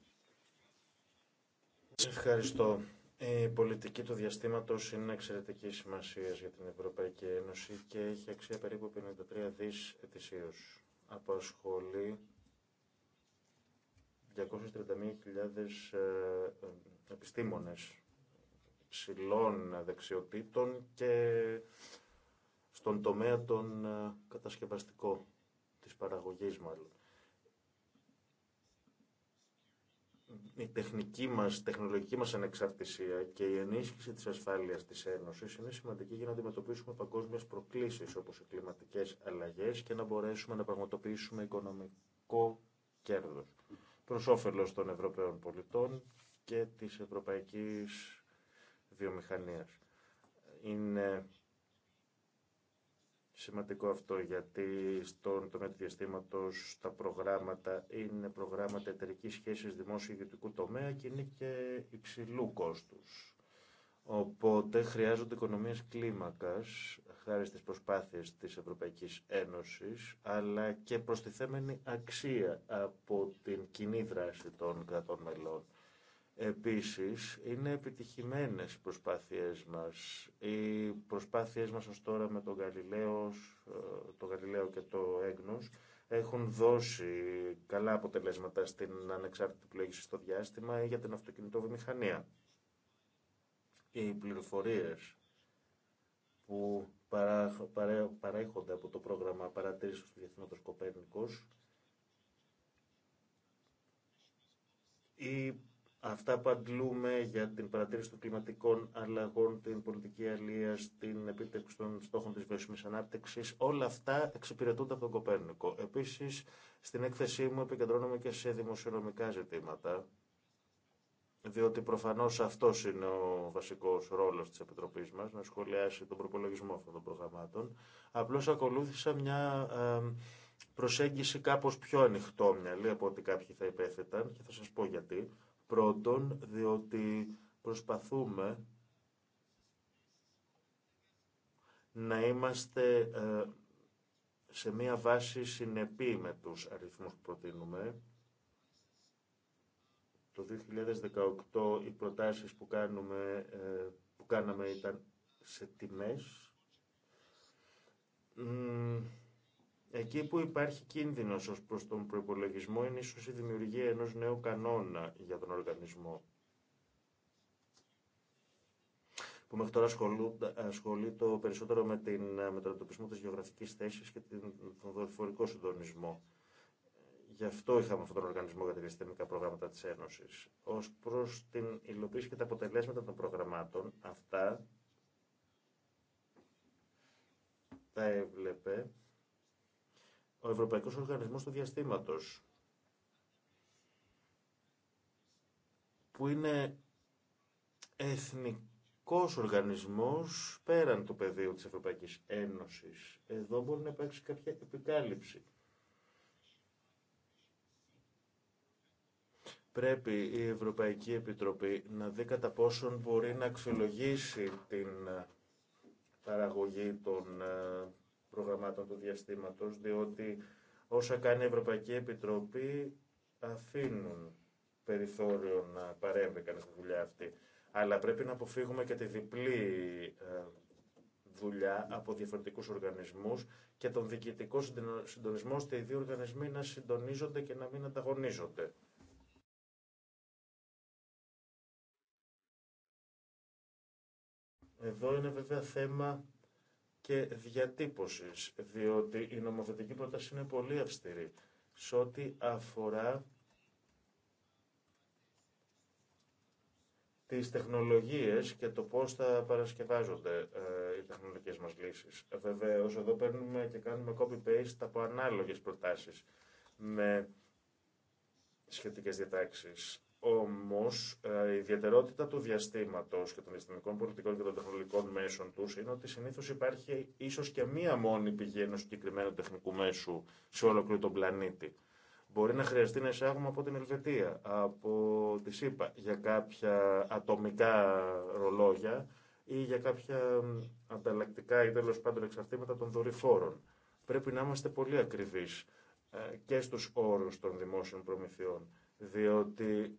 Ευχαριστώ η πολιτική του διαστήματο είναι εξαιρετική σημασία για την Ευρωπαϊκή Ένωση και έχει αξία περίπου 53 δι ετησίω. Απασχολεί 231.000 ε, ε, επιστήμονε ψηλών δεξιοτήτων και στον τομέα των ε, κατασκευαστικών της παραγωγής μάλλον. η τεχνική μας, τεχνολογική μας ανεξαρτησία και η ενίσχυση της ασφάλειας της Ένωσης είναι σημαντική για να αντιμετωπίσουμε παγκόσμιες προκλήσεις όπως οι κλιματικές αλλαγές και να μπορέσουμε να πραγματοποιήσουμε οικονομικό κέρδος προς όφελος των Ευρωπαίων πολιτών και της ευρωπαϊκής βιομηχανίας. Είναι Σημαντικό αυτό γιατί στον τομέα του διαστήματο τα προγράμματα είναι προγράμματα εταιρική σχέση δημόσιο-ιδιωτικού τομέα και είναι και υψηλού κόστου. Οπότε χρειάζονται οικονομίε κλίμακα χάρη στι προσπάθειε τη Ευρωπαϊκή Ένωση αλλά και προστιθέμενη αξία από την κοινή δράση των κρατών μελών. Επίσης, είναι επιτυχημένες οι προσπάθειές μας. Οι προσπάθειές μας ως τώρα με τον Γαλιλαίος ε, το Γαλιλαίο και το Έγνος έχουν δώσει καλά αποτελέσματα στην ανεξάρτητη πλέγηση στο διάστημα ή για την αυτοκινητοβιομηχανία. Οι πληροφορίες που παρέχονται από το πρόγραμμα παρατήρησης του Κοπέρνικος Αυτά που αντλούμε για την παρατήρηση των κλιματικών αλλαγών, την πολιτική αλλία, την επίτευξη των στόχων τη βιώσιμη ανάπτυξη, όλα αυτά εξυπηρετούνται από τον Κοπέρνικο. Επίση, στην έκθεσή μου επικεντρώνομαι και σε δημοσιονομικά ζητήματα, διότι προφανώ αυτό είναι ο βασικό ρόλο τη Επιτροπή μα, να σχολιάσει τον προπολογισμό αυτών των προγραμμάτων. Απλώ ακολούθησα μια ε, προσέγγιση κάπω πιο ανοιχτόμυαλη από ό,τι κάποιοι θα υπέθεταν και θα σα πω γιατί. Πρώτον, διότι προσπαθούμε να είμαστε ε, σε μία βάση συνεπή με τους αριθμούς που προτείνουμε. Το 2018 οι προτάσεις που, κάνουμε, ε, που κάναμε ήταν σε τιμές. Εκεί που υπάρχει κίνδυνος ως προς τον προπολογισμό είναι ίσω η δημιουργία ενός νέου κανόνα για τον οργανισμό που μέχρι τώρα ασχολείται περισσότερο με, την, με τον εντοπισμό της γεωγραφικής θέση και τον δορυφορικό συντονισμό. Γι' αυτό είχαμε αυτόν τον οργανισμό για τα διαστημικά προγράμματα της Ένωσης. Ως προς την υλοποίηση και τα αποτελέσματα των προγραμμάτων, αυτά τα έβλεπε ο Ευρωπαϊκός Οργανισμός του Διαστήματος, που είναι εθνικός οργανισμός πέραν του πεδίου της Ευρωπαϊκής Ένωσης. Εδώ μπορεί να υπάρξει κάποια επικάλυψη. Πρέπει η Ευρωπαϊκή Επιτροπή να δει κατά πόσον μπορεί να αξιολογήσει την ε, παραγωγή των ε, προγραμμάτων του διαστήματος, διότι όσα κάνει η Ευρωπαϊκή Επιτροπή αφήνουν περιθώριο να παρέμβει κανείς στη δουλειά αυτή. Αλλά πρέπει να αποφύγουμε και τη διπλή ε, δουλειά από διαφορετικού οργανισμούς και τον διοικητικό συντονισμό ώστε οι δύο οργανισμοί να συντονίζονται και να μην ανταγωνίζονται. Εδώ είναι βέβαια θέμα και διατύπωσης, διότι η νομοθετική πρόταση είναι πολύ αυστηρή σε ό,τι αφορά τις τεχνολογίες και το πώς θα παρασκευάζονται ε, οι τεχνολογικές μας λύσεις. Βεβαίως, εδώ παίρνουμε και κάνουμε copy-paste από ανάλογες προτάσεις με σχετικές διατάξεις Όμω, ε, η ιδιαιτερότητα του διαστήματο και των διαστημικών πολιτικών και των τεχνολογικών μέσων του είναι ότι συνήθω υπάρχει ίσω και μία μόνη πηγή ενό συγκεκριμένου τεχνικού μέσου σε ολόκληρο τον πλανήτη. Μπορεί να χρειαστεί να εισάγουμε από την Ελβετία, από τη ΣΥΠΑ, για κάποια ατομικά ρολόγια ή για κάποια ανταλλακτικά ή τέλο πάντων εξαρτήματα των δορυφόρων. Πρέπει να είμαστε πολύ ακριβεί ε, και στου όρου των δημόσιων προμηθειών, διότι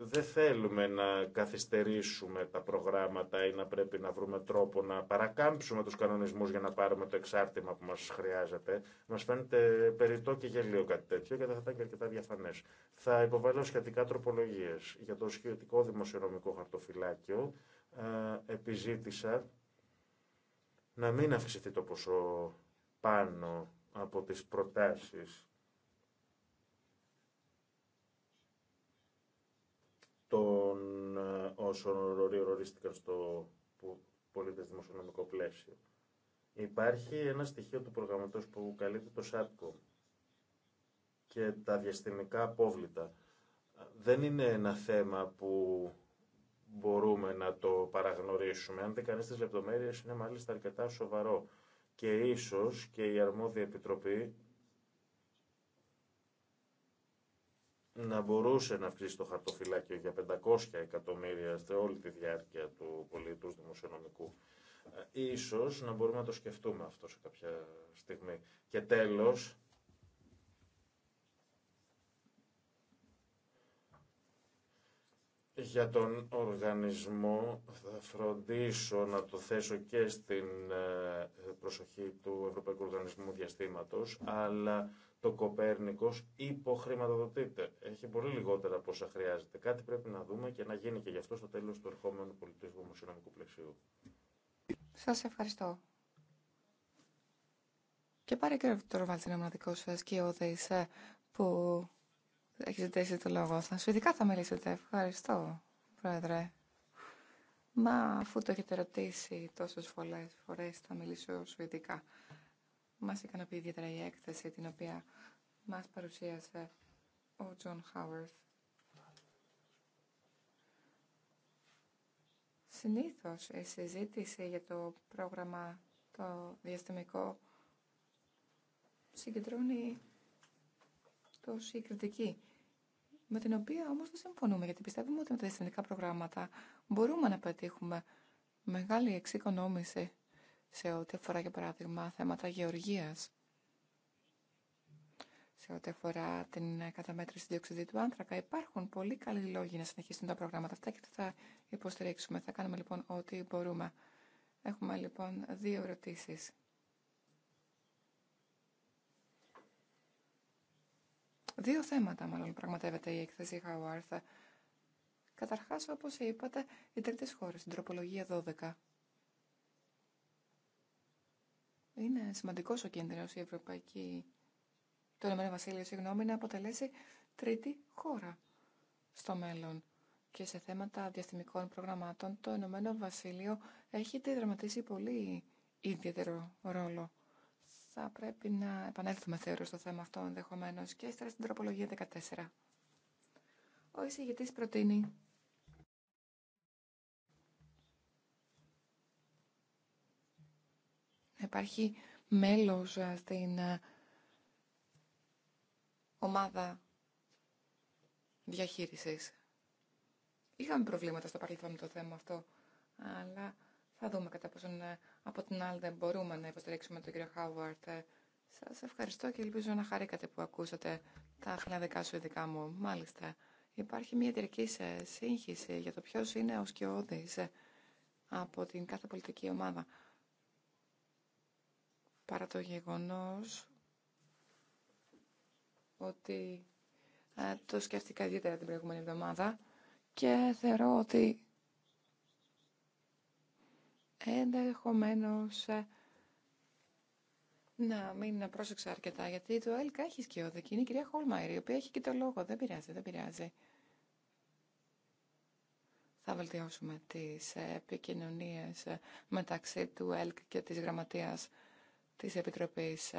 δεν θέλουμε να καθυστερήσουμε τα προγράμματα ή να πρέπει να βρούμε τρόπο να παρακάμψουμε τους κανονισμούς για να πάρουμε το εξάρτημα που μας χρειάζεται. Μας φαίνεται περιττό και γελίο κάτι τέτοιο και θα ήταν και αρκετά διαφανές. Θα υποβάλω σχετικά τροπολογίες. Για το σχετικό δημοσιονομικό χαρτοφυλάκιο ε, επιζήτησα να μην αυξηθεί το ποσό πάνω από τις προτάσεις όσων ορίστηκαν στο πολίτε δημοσιονομικό πλαίσιο. Υπάρχει ένα στοιχείο του προγραμματός που καλύπτει το ΣΑΤΚΟ και τα διαστημικά απόβλητα. Δεν είναι ένα θέμα που μπορούμε να το παραγνωρίσουμε. Αν δεν κάνει τις λεπτομέρειες είναι μάλιστα αρκετά σοβαρό. Και ίσως και η αρμόδια επιτροπή να μπορούσε να αυξήσει το χαρτοφυλάκιο για 500 εκατομμύρια σε όλη τη διάρκεια του πολιτού δημοσιονομικού. Ε, ίσως να μπορούμε να το σκεφτούμε αυτό σε κάποια στιγμή. Και τέλος, για τον οργανισμό θα φροντίσω να το θέσω και στην ε, προσοχή του Ευρωπαϊκού Οργανισμού Διαστήματος, αλλά το Κοπέρνικος υποχρηματοδοτείται. Έχει πολύ λιγότερα από όσα χρειάζεται. Κάτι πρέπει να δούμε και να γίνει και γι' αυτό στο τέλος του ερχόμενου πολιτισμού δημοσιονομικού πλαισίου. Σας ευχαριστώ. Και πάρε και το ροβάλτινο μοναδικό σα ε, που έχει ζητήσει το λόγο. Σου σουηδικά θα μιλήσετε. Ευχαριστώ, Πρόεδρε. Μα αφού το έχετε ρωτήσει τόσες πολλές φορές, θα μιλήσω σουηδικά. Μας ικανοποιεί ιδιαίτερα η έκθεση την οποία μας παρουσίασε ο Τζον Χάουερθ. Συνήθως η συζήτηση για το πρόγραμμα το διαστημικό συγκεντρώνει τόση κριτική με την οποία όμως δεν συμφωνούμε γιατί πιστεύουμε ότι με τα διαστημικά προγράμματα μπορούμε να πετύχουμε μεγάλη εξοικονόμηση σε ό,τι αφορά, για παράδειγμα, θέματα γεωργίας, σε ό,τι αφορά την καταμέτρηση διοξιδίου του άνθρακα. Υπάρχουν πολύ καλοί λόγοι να συνεχίσουν τα προγράμματα αυτά και θα υποστηρίξουμε. Θα κάνουμε λοιπόν ό,τι μπορούμε. Έχουμε λοιπόν δύο ερωτήσεις. Δύο θέματα μάλλον πραγματεύεται η έκθεση Χαουάρθα. Καταρχάς, όπως είπατε, οι τρίτες χώρες, στην τροπολογία 12. είναι σημαντικό ο κίνδυνο η Ευρωπαϊκή, το Ηνωμένο Βασίλειο, συγγνώμη, να αποτελέσει τρίτη χώρα στο μέλλον. Και σε θέματα διαστημικών προγραμμάτων, το Ηνωμένο Βασίλειο έχει δραματίσει πολύ ιδιαίτερο ρόλο. Θα πρέπει να επανέλθουμε, θεωρώ, στο θέμα αυτό ενδεχομένω και ύστερα στην τροπολογία 14. Ο εισηγητή προτείνει υπάρχει μέλος ε, στην ε, ομάδα διαχείρισης. Είχαμε προβλήματα στο παρελθόν με το θέμα αυτό, αλλά θα δούμε κατά πόσον ε, από την άλλη δεν μπορούμε να υποστηρίξουμε τον κύριο Χάουαρτ. Σας ευχαριστώ και ελπίζω να χαρήκατε που ακούσατε τα φιλανδικά σου ειδικά μου. Μάλιστα, υπάρχει μια εταιρική σύγχυση για το ποιος είναι ο σκιώδης από την κάθε πολιτική ομάδα παρά το γεγονός ότι ε, το σκέφτηκα ιδιαίτερα την προηγούμενη εβδομάδα και θεωρώ ότι ενδεχομένω ε, να μην πρόσεξα αρκετά, γιατί το ΕΛΚΑ έχει σκιώδη και είναι η κυρία Χολμαϊρή, η οποία έχει και το λόγο. Δεν πειράζει, δεν πειράζει. Θα βελτιώσουμε τις ε, επικοινωνίες μεταξύ του ΕΛΚ και της γραμματείας της Επιτροπής.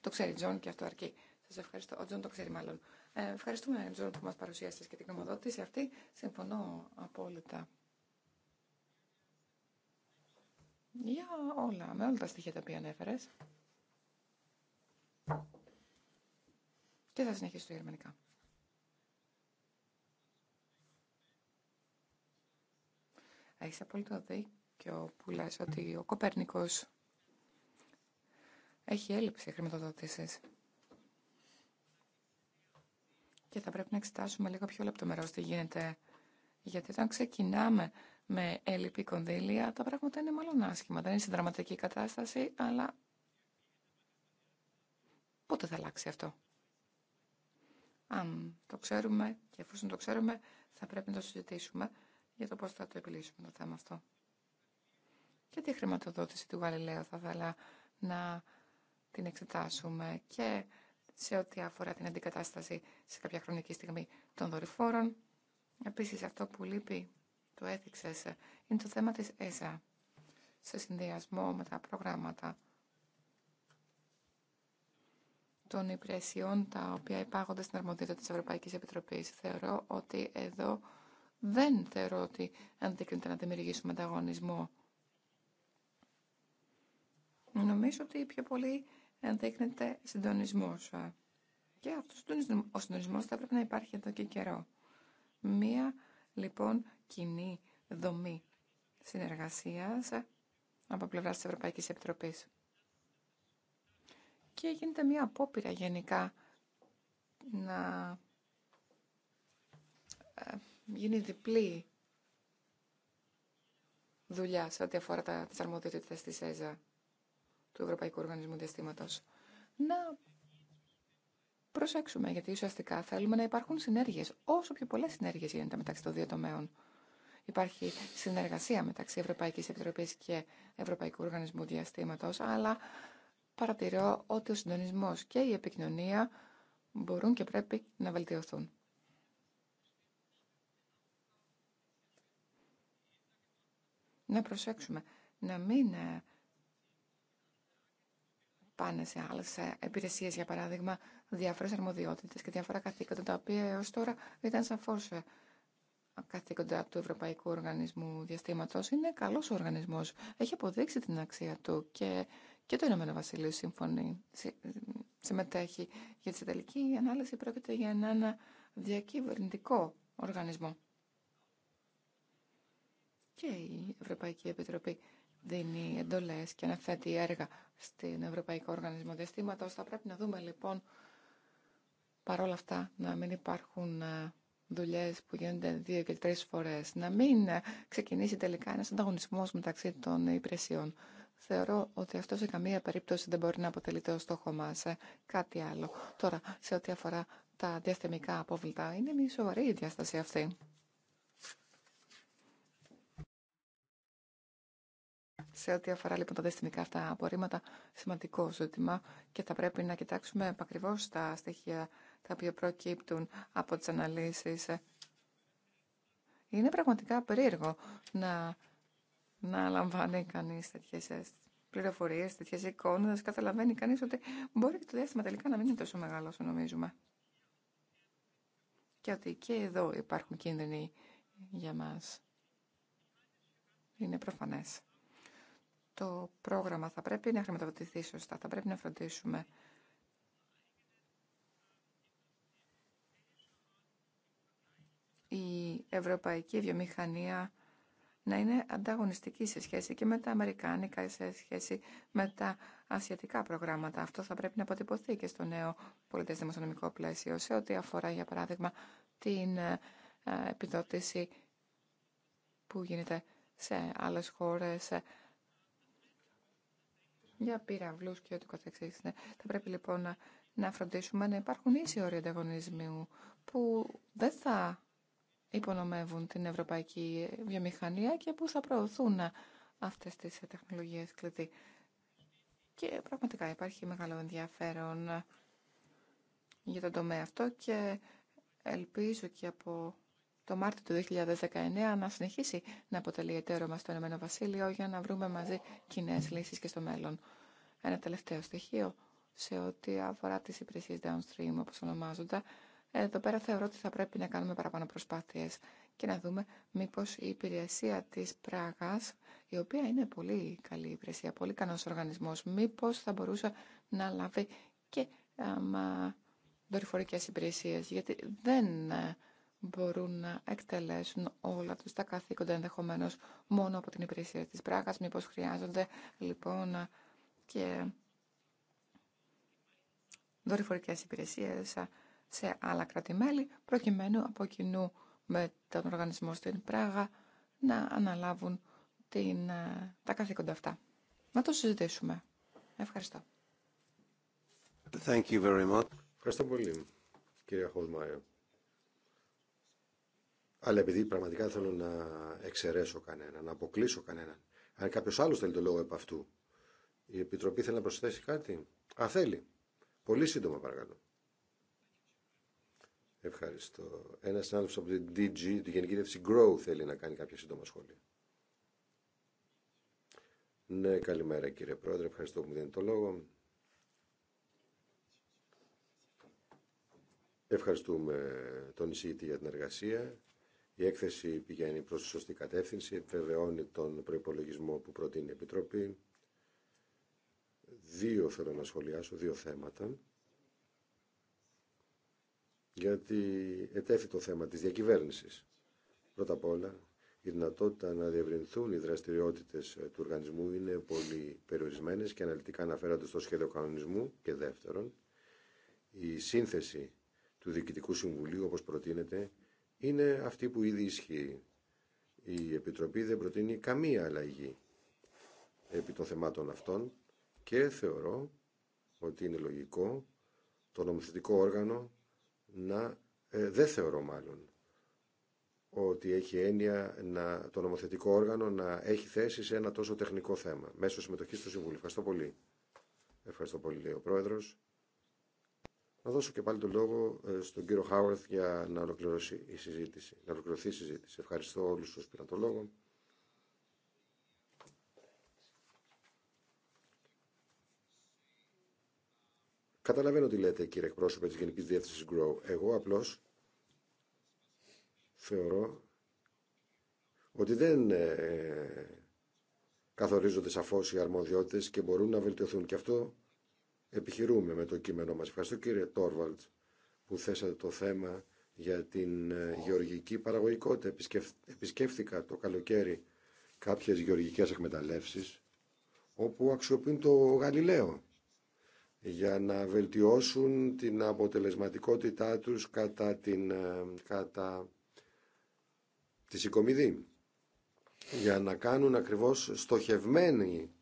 Το ξέρει Τζον και αυτό αρκεί. Σας ευχαριστώ. Ο Τζον το ξέρει μάλλον. Ε, ευχαριστούμε, Τζον, που μας παρουσίασε και την γνωμοδότηση αυτή. Συμφωνώ απόλυτα. Για όλα, με όλα τα στοιχεία τα οποία ανέφερε. Και θα συνεχίσω το γερμανικά. Έχεις απόλυτο δίκιο που λες ότι ο Κοπέρνικος έχει έλλειψη χρηματοδότησης. Και θα πρέπει να εξετάσουμε λίγο πιο λεπτομερώς τι γίνεται. Γιατί όταν ξεκινάμε με έλλειπη κονδύλια, τα πράγματα είναι μάλλον άσχημα. Δεν είναι σε δραματική κατάσταση, αλλά πότε θα αλλάξει αυτό. Αν το ξέρουμε και εφόσον το ξέρουμε, θα πρέπει να το συζητήσουμε για το πώς θα το επιλύσουμε το θέμα αυτό. Και τη χρηματοδότηση του Γαλιλαίου θα ήθελα να την εξετάσουμε και σε ό,τι αφορά την αντικατάσταση σε κάποια χρονική στιγμή των δορυφόρων. Επίσης αυτό που λείπει, το έθιξες, είναι το θέμα της ΕΣΑ σε συνδυασμό με τα προγράμματα των υπηρεσιών τα οποία υπάγονται στην αρμοδιότητα της Ευρωπαϊκής Επιτροπής. Θεωρώ ότι εδώ δεν θεωρώ ότι αντίκρινται να δημιουργήσουμε ανταγωνισμό. Νομίζω ότι πιο πολύ ενδείκνεται συντονισμό. Και αυτός ο συντονισμό θα πρέπει να υπάρχει εδώ και καιρό. Μία, λοιπόν, κοινή δομή συνεργασίας από πλευρά της Ευρωπαϊκής Επιτροπής. Και γίνεται μία απόπειρα γενικά να ε, γίνει διπλή δουλειά σε ό,τι αφορά τα, τις αρμοδιότητες της ΕΖΑ, του Ευρωπαϊκού Οργανισμού Διαστήματος. Να προσέξουμε, γιατί ουσιαστικά θέλουμε να υπάρχουν συνέργειες, όσο πιο πολλές συνέργειες γίνεται μεταξύ των δύο τομέων. Υπάρχει συνεργασία μεταξύ Ευρωπαϊκής Επιτροπής και Ευρωπαϊκού Οργανισμού Διαστήματος, αλλά παρατηρώ ότι ο συντονισμός και η επικοινωνία μπορούν και πρέπει να βελτιωθούν. να προσέξουμε να μην ε, πάνε σε άλλε υπηρεσίε, για παράδειγμα, διάφορε αρμοδιότητε και διάφορα καθήκοντα, τα οποία έω τώρα ήταν σαφώ ε, καθήκοντα του Ευρωπαϊκού Οργανισμού Διαστήματος. Είναι καλός ο οργανισμός. Έχει αποδείξει την αξία του και, και το Ηνωμένο Βασίλειο συμφωνεί, συμμετέχει. Για τη τελική ανάλυση πρόκειται για ένα ε, διακυβερνητικό οργανισμό και η Ευρωπαϊκή Επιτροπή δίνει εντολές και αναθέτει έργα στην Ευρωπαϊκό Οργανισμό Διαστήματος. Θα πρέπει να δούμε λοιπόν παρόλα αυτά να μην υπάρχουν ε, δουλειέ που γίνονται δύο και τρει φορέ, να μην ε, ξεκινήσει τελικά ένα ανταγωνισμό μεταξύ των υπηρεσιών. Θεωρώ ότι αυτό σε καμία περίπτωση δεν μπορεί να αποτελείται ο στόχο μα. Ε, κάτι άλλο. Τώρα, σε ό,τι αφορά τα διαστημικά απόβλητα, είναι μια σοβαρή η διάσταση αυτή. σε ό,τι αφορά λοιπόν τα δεστημικά αυτά απορρίμματα, σημαντικό ζήτημα και θα πρέπει να κοιτάξουμε ακριβώ τα στοιχεία τα οποία προκύπτουν από τις αναλύσεις. Είναι πραγματικά περίεργο να, να λαμβάνει κανείς τέτοιες πληροφορίες, τέτοιες εικόνες. Καταλαβαίνει κανείς ότι μπορεί και το διάστημα τελικά να μην είναι τόσο μεγάλο όσο νομίζουμε. Και ότι και εδώ υπάρχουν κίνδυνοι για μας. Είναι προφανές το πρόγραμμα θα πρέπει να χρηματοδοτηθεί σωστά, θα πρέπει να φροντίσουμε η ευρωπαϊκή βιομηχανία να είναι ανταγωνιστική σε σχέση και με τα αμερικάνικα, σε σχέση με τα ασιατικά προγράμματα. Αυτό θα πρέπει να αποτυπωθεί και στο νέο πολιτές δημοσιονομικό πλαίσιο σε ό,τι αφορά, για παράδειγμα, την ε, επιδότηση που γίνεται σε άλλες χώρες, ε, για πυραυλούς και ότι καθεξής. Ναι. Θα πρέπει λοιπόν να, να φροντίσουμε να υπάρχουν ίσοι όροι ανταγωνισμού που δεν θα υπονομεύουν την ευρωπαϊκή βιομηχανία και που θα προωθούν αυτές τις τεχνολογίες κλειδί. Και πραγματικά υπάρχει μεγάλο ενδιαφέρον για τον τομέα αυτό και ελπίζω και από το Μάρτιο του 2019 να συνεχίσει να αποτελεί εταίρο μας στο Ηνωμένο Βασίλειο για να βρούμε μαζί κοινέ λύσεις και στο μέλλον. Ένα τελευταίο στοιχείο σε ό,τι αφορά τις υπηρεσίες downstream όπως ονομάζονται. Εδώ πέρα θεωρώ ότι θα πρέπει να κάνουμε παραπάνω προσπάθειες και να δούμε μήπως η υπηρεσία της Πράγας, η οποία είναι πολύ καλή υπηρεσία, πολύ κανός οργανισμός, μήπως θα μπορούσε να λάβει και ε, δορυφορικές υπηρεσίες, γιατί δεν ε, μπορούν να εκτελέσουν όλα τους τα καθήκοντα ενδεχομένω μόνο από την υπηρεσία της πράγας. Μήπως χρειάζονται λοιπόν και δορυφορικές υπηρεσίες σε άλλα κράτη-μέλη προκειμένου από κοινού με τον οργανισμό στην Πράγα να αναλάβουν τα καθήκοντα αυτά. Να το συζητήσουμε. Ευχαριστώ. Thank Ευχαριστώ πολύ, κυρία αλλά επειδή πραγματικά θέλω να εξαιρέσω κανέναν, να αποκλείσω κανέναν. Αν κάποιο άλλο θέλει το λόγο επ' αυτού, η Επιτροπή θέλει να προσθέσει κάτι. Α, θέλει. Πολύ σύντομα, παρακαλώ. Ευχαριστώ. Ένα συνάδελφο από την DG, τη Γενική Διεύθυνση Grow, θέλει να κάνει κάποια σύντομα σχόλια. Ναι, καλημέρα κύριε Πρόεδρε. Ευχαριστώ που μου δίνετε το λόγο. Ευχαριστούμε τον εισηγητή για την εργασία η έκθεση πηγαίνει προς τη σωστή κατεύθυνση, επιβεβαιώνει τον προϋπολογισμό που προτείνει η Επιτροπή. Δύο θέλω να σχολιάσω, δύο θέματα. Γιατί ετέθη το θέμα της διακυβέρνησης. Πρώτα απ' όλα, η δυνατότητα να διευρυνθούν οι δραστηριότητες του οργανισμού είναι πολύ περιορισμένες και αναλυτικά αναφέρονται στο σχέδιο κανονισμού και δεύτερον, η σύνθεση του Διοικητικού Συμβουλίου, όπως προτείνεται, είναι αυτή που ήδη ισχύει. Η Επιτροπή δεν προτείνει καμία αλλαγή επί των θεμάτων αυτών και θεωρώ ότι είναι λογικό το νομοθετικό όργανο να... Ε, δεν θεωρώ μάλλον ότι έχει έννοια να, το νομοθετικό όργανο να έχει θέση σε ένα τόσο τεχνικό θέμα μέσω συμμετοχής του Συμβούλου. Ευχαριστώ πολύ. Ευχαριστώ πολύ, λέει ο Πρόεδρος να δώσω και πάλι το λόγο ε, στον κύριο Χάουαρθ για να ολοκληρώσει η συζήτηση, να ολοκληρωθεί η συζήτηση. Ευχαριστώ όλους τους πήραν το λόγο. Καταλαβαίνω τι λέτε κύριε εκπρόσωπε της Γενικής Διεύθυνσης GROW. Εγώ απλώς θεωρώ ότι δεν ε, καθορίζονται σαφώς οι αρμοδιότητες και μπορούν να βελτιωθούν. Και αυτό επιχειρούμε με το κείμενο μας. Ευχαριστώ κύριε Τόρβαλτ που θέσατε το θέμα για την ε, γεωργική παραγωγικότητα. Επισκέφθηκα το καλοκαίρι κάποιες γεωργικές εκμεταλλεύσεις όπου αξιοποιούν το Γαλιλαίο για να βελτιώσουν την αποτελεσματικότητά τους κατά, την, ε, κατά τη συγκομιδή για να κάνουν ακριβώς στο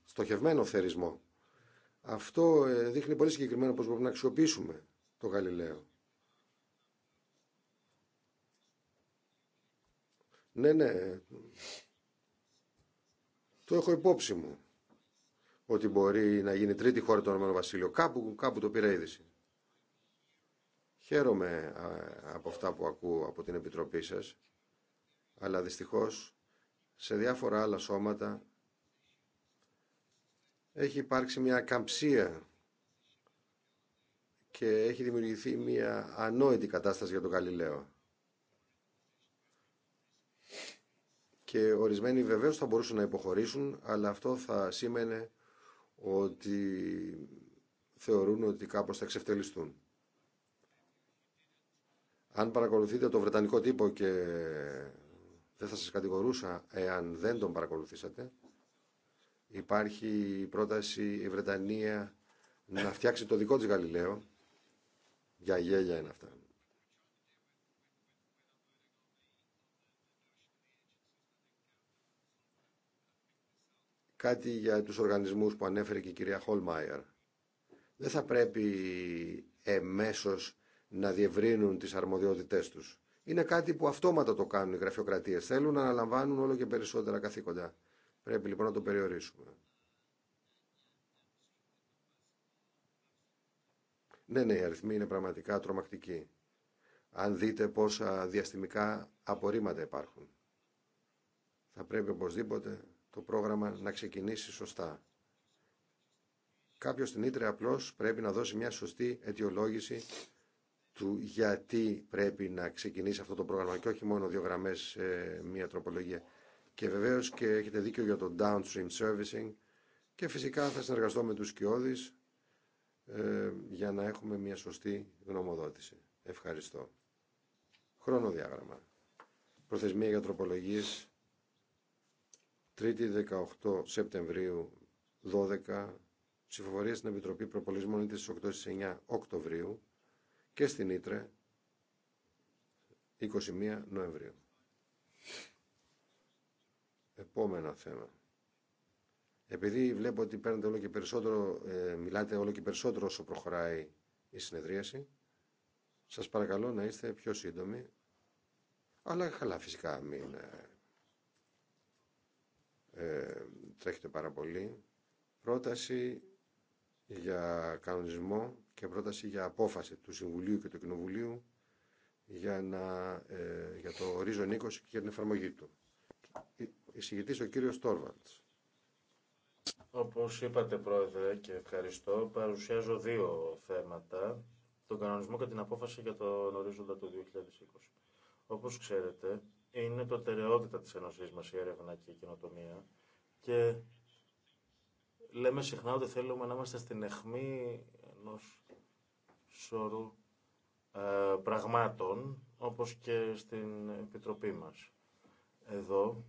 στοχευμένο θερισμό αυτό ε, δείχνει πολύ συγκεκριμένα πώς μπορούμε να αξιοποιήσουμε το Γαλιλαίο. Ναι, ναι. Το έχω υπόψη μου. Ότι μπορεί να γίνει τρίτη χώρα το Ηνωμένο Βασίλειο. Κάπου, κάπου το πήρα είδηση. Χαίρομαι από αυτά που ακούω από την Επιτροπή σας. Αλλά δυστυχώς σε διάφορα άλλα σώματα έχει υπάρξει μια καμψία και έχει δημιουργηθεί μια ανόητη κατάσταση για τον Γαλιλαίο. Και ορισμένοι βεβαίως θα μπορούσαν να υποχωρήσουν, αλλά αυτό θα σήμαινε ότι θεωρούν ότι κάπως θα εξευτελιστούν. Αν παρακολουθείτε το Βρετανικό τύπο και δεν θα σας κατηγορούσα εάν δεν τον παρακολουθήσατε, Υπάρχει η πρόταση η Βρετανία να φτιάξει το δικό της Γαλιλαίο. Για γέλια είναι αυτά. Κάτι για τους οργανισμούς που ανέφερε και η κυρία Χολμάιερ. Δεν θα πρέπει εμέσως να διευρύνουν τις αρμοδιότητές τους. Είναι κάτι που αυτόματα το κάνουν οι γραφειοκρατίες. Θέλουν να αναλαμβάνουν όλο και περισσότερα καθήκοντα. Πρέπει λοιπόν να το περιορίσουμε. Ναι, ναι, οι αριθμοί είναι πραγματικά τρομακτικοί. Αν δείτε πόσα διαστημικά απορρίμματα υπάρχουν. Θα πρέπει οπωσδήποτε το πρόγραμμα να ξεκινήσει σωστά. Κάποιος στην Ήτρε απλώς πρέπει να δώσει μια σωστή αιτιολόγηση του γιατί πρέπει να ξεκινήσει αυτό το πρόγραμμα και όχι μόνο δύο γραμμές σε μια τροπολογία. Και βεβαίως και έχετε δίκιο για το downstream servicing και φυσικά θα συνεργαστώ με τους σκιώδεις ε, για να έχουμε μια σωστή γνωμοδότηση. Ευχαριστώ. Χρονοδιάγραμμα. Προθεσμία για τροπολογίες 3η 18 Σεπτεμβρίου 12 ψηφοφορία στην Επιτροπή Προπολισμών είναι στις 8 στις 9 Οκτωβρίου και στην Ήτρε 21 Νοεμβρίου. Επόμενο θέμα. Επειδή βλέπω ότι παίρνετε όλο και περισσότερο, ε, μιλάτε όλο και περισσότερο όσο προχωράει η συνεδρίαση, σας παρακαλώ να είστε πιο σύντομοι, αλλά καλά φυσικά μην ε, ε τρέχετε πάρα πολύ. Πρόταση για κανονισμό και πρόταση για απόφαση του Συμβουλίου και του Κοινοβουλίου για, να, ε, για το ορίζον 20 και για την εφαρμογή του εισηγητής ο κύριος Τόρβαντς. Όπως είπατε πρόεδρε και ευχαριστώ, παρουσιάζω δύο θέματα. Τον κανονισμό και την απόφαση για τον ορίζοντα του 2020. Όπως ξέρετε, είναι το προτεραιότητα της ενωσή μας η έρευνα και η κοινοτομία και λέμε συχνά ότι θέλουμε να είμαστε στην αιχμή ενός σωρού ε, πραγμάτων, όπως και στην Επιτροπή μας. Εδώ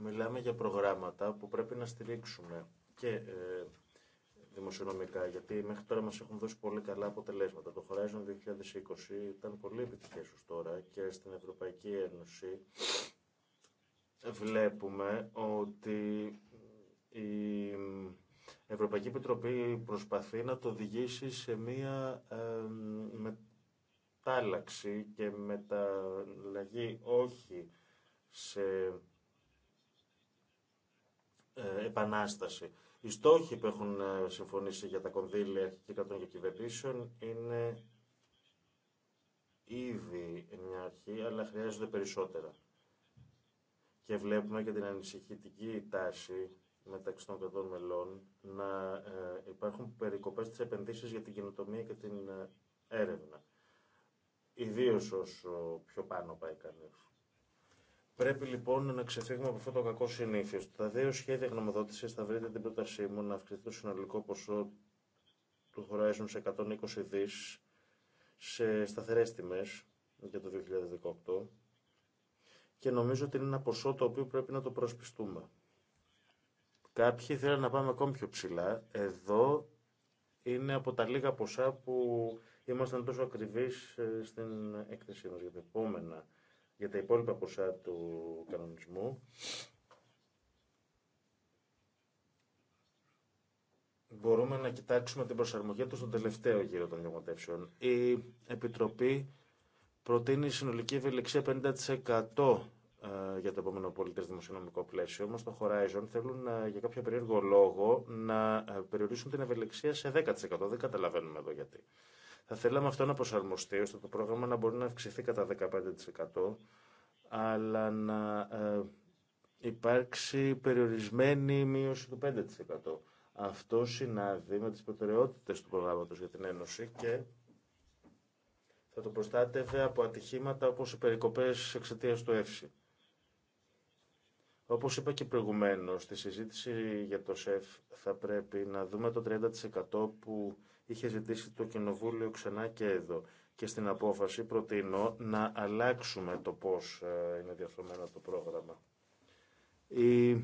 Μιλάμε για προγράμματα που πρέπει να στηρίξουμε και ε, δημοσιονομικά, γιατί μέχρι τώρα μας έχουν δώσει πολύ καλά αποτελέσματα. Το Horizon 2020 ήταν πολύ επιτυχές ως τώρα και στην Ευρωπαϊκή Ένωση βλέπουμε ότι η Ευρωπαϊκή Επιτροπή προσπαθεί να το οδηγήσει σε μία ε, μετάλλαξη και μεταλλαγή όχι σε ε, επανάσταση. Οι στόχοι που έχουν ε, συμφωνήσει για τα κονδύλια και κρατών και κυβερνήσεων είναι ήδη μια αρχή, αλλά χρειάζονται περισσότερα. Και βλέπουμε και την ανησυχητική τάση μεταξύ των κρατών μελών να ε, υπάρχουν περικοπές στις επενδύσεις για την καινοτομία και την έρευνα. Ιδίως όσο πιο πάνω πάει Πρέπει λοιπόν να ξεφύγουμε από αυτό το κακό συνήθειο. Στα δύο σχέδια γνωμοδότηση θα βρείτε την πρότασή μου να αυξηθεί το συνολικό ποσό του Horizon σε 120 δι σε σταθερέ τιμέ για το 2018 και νομίζω ότι είναι ένα ποσό το οποίο πρέπει να το προσπιστούμε. Κάποιοι θέλουν να πάμε ακόμη πιο ψηλά. Εδώ είναι από τα λίγα ποσά που ήμασταν τόσο ακριβείς ε, στην έκθεσή μας για τα επόμενα για τα υπόλοιπα ποσά του κανονισμού μπορούμε να κοιτάξουμε την προσαρμογή του στον τελευταίο γύρο των γεγοντεύσεων. Η Επιτροπή προτείνει συνολική ευελιξία 50% ε, για το επόμενο πολιτέ δημοσιονομικό πλαίσιο. όμως το Horizon θέλουν ε, για κάποιο περίεργο λόγο να ε, περιορίσουν την ευελιξία σε 10%. Δεν καταλαβαίνουμε εδώ γιατί. Θα θέλαμε αυτό να προσαρμοστεί ώστε το πρόγραμμα να μπορεί να αυξηθεί κατά 15% αλλά να ε, υπάρξει περιορισμένη μείωση του 5%. Αυτό συνάδει με τις προτεραιότητες του προγράμματος για την Ένωση και θα το προστάτευε από ατυχήματα όπως οι περικοπές εξαιτία του ΕΦΣΥ. Όπως είπα και προηγουμένως, στη συζήτηση για το ΣΕΦ θα πρέπει να δούμε το 30% που είχε ζητήσει το Κοινοβούλιο ξανά και εδώ. Και στην απόφαση προτείνω να αλλάξουμε το πώς ε, είναι διαφθορμένο το πρόγραμμα. Η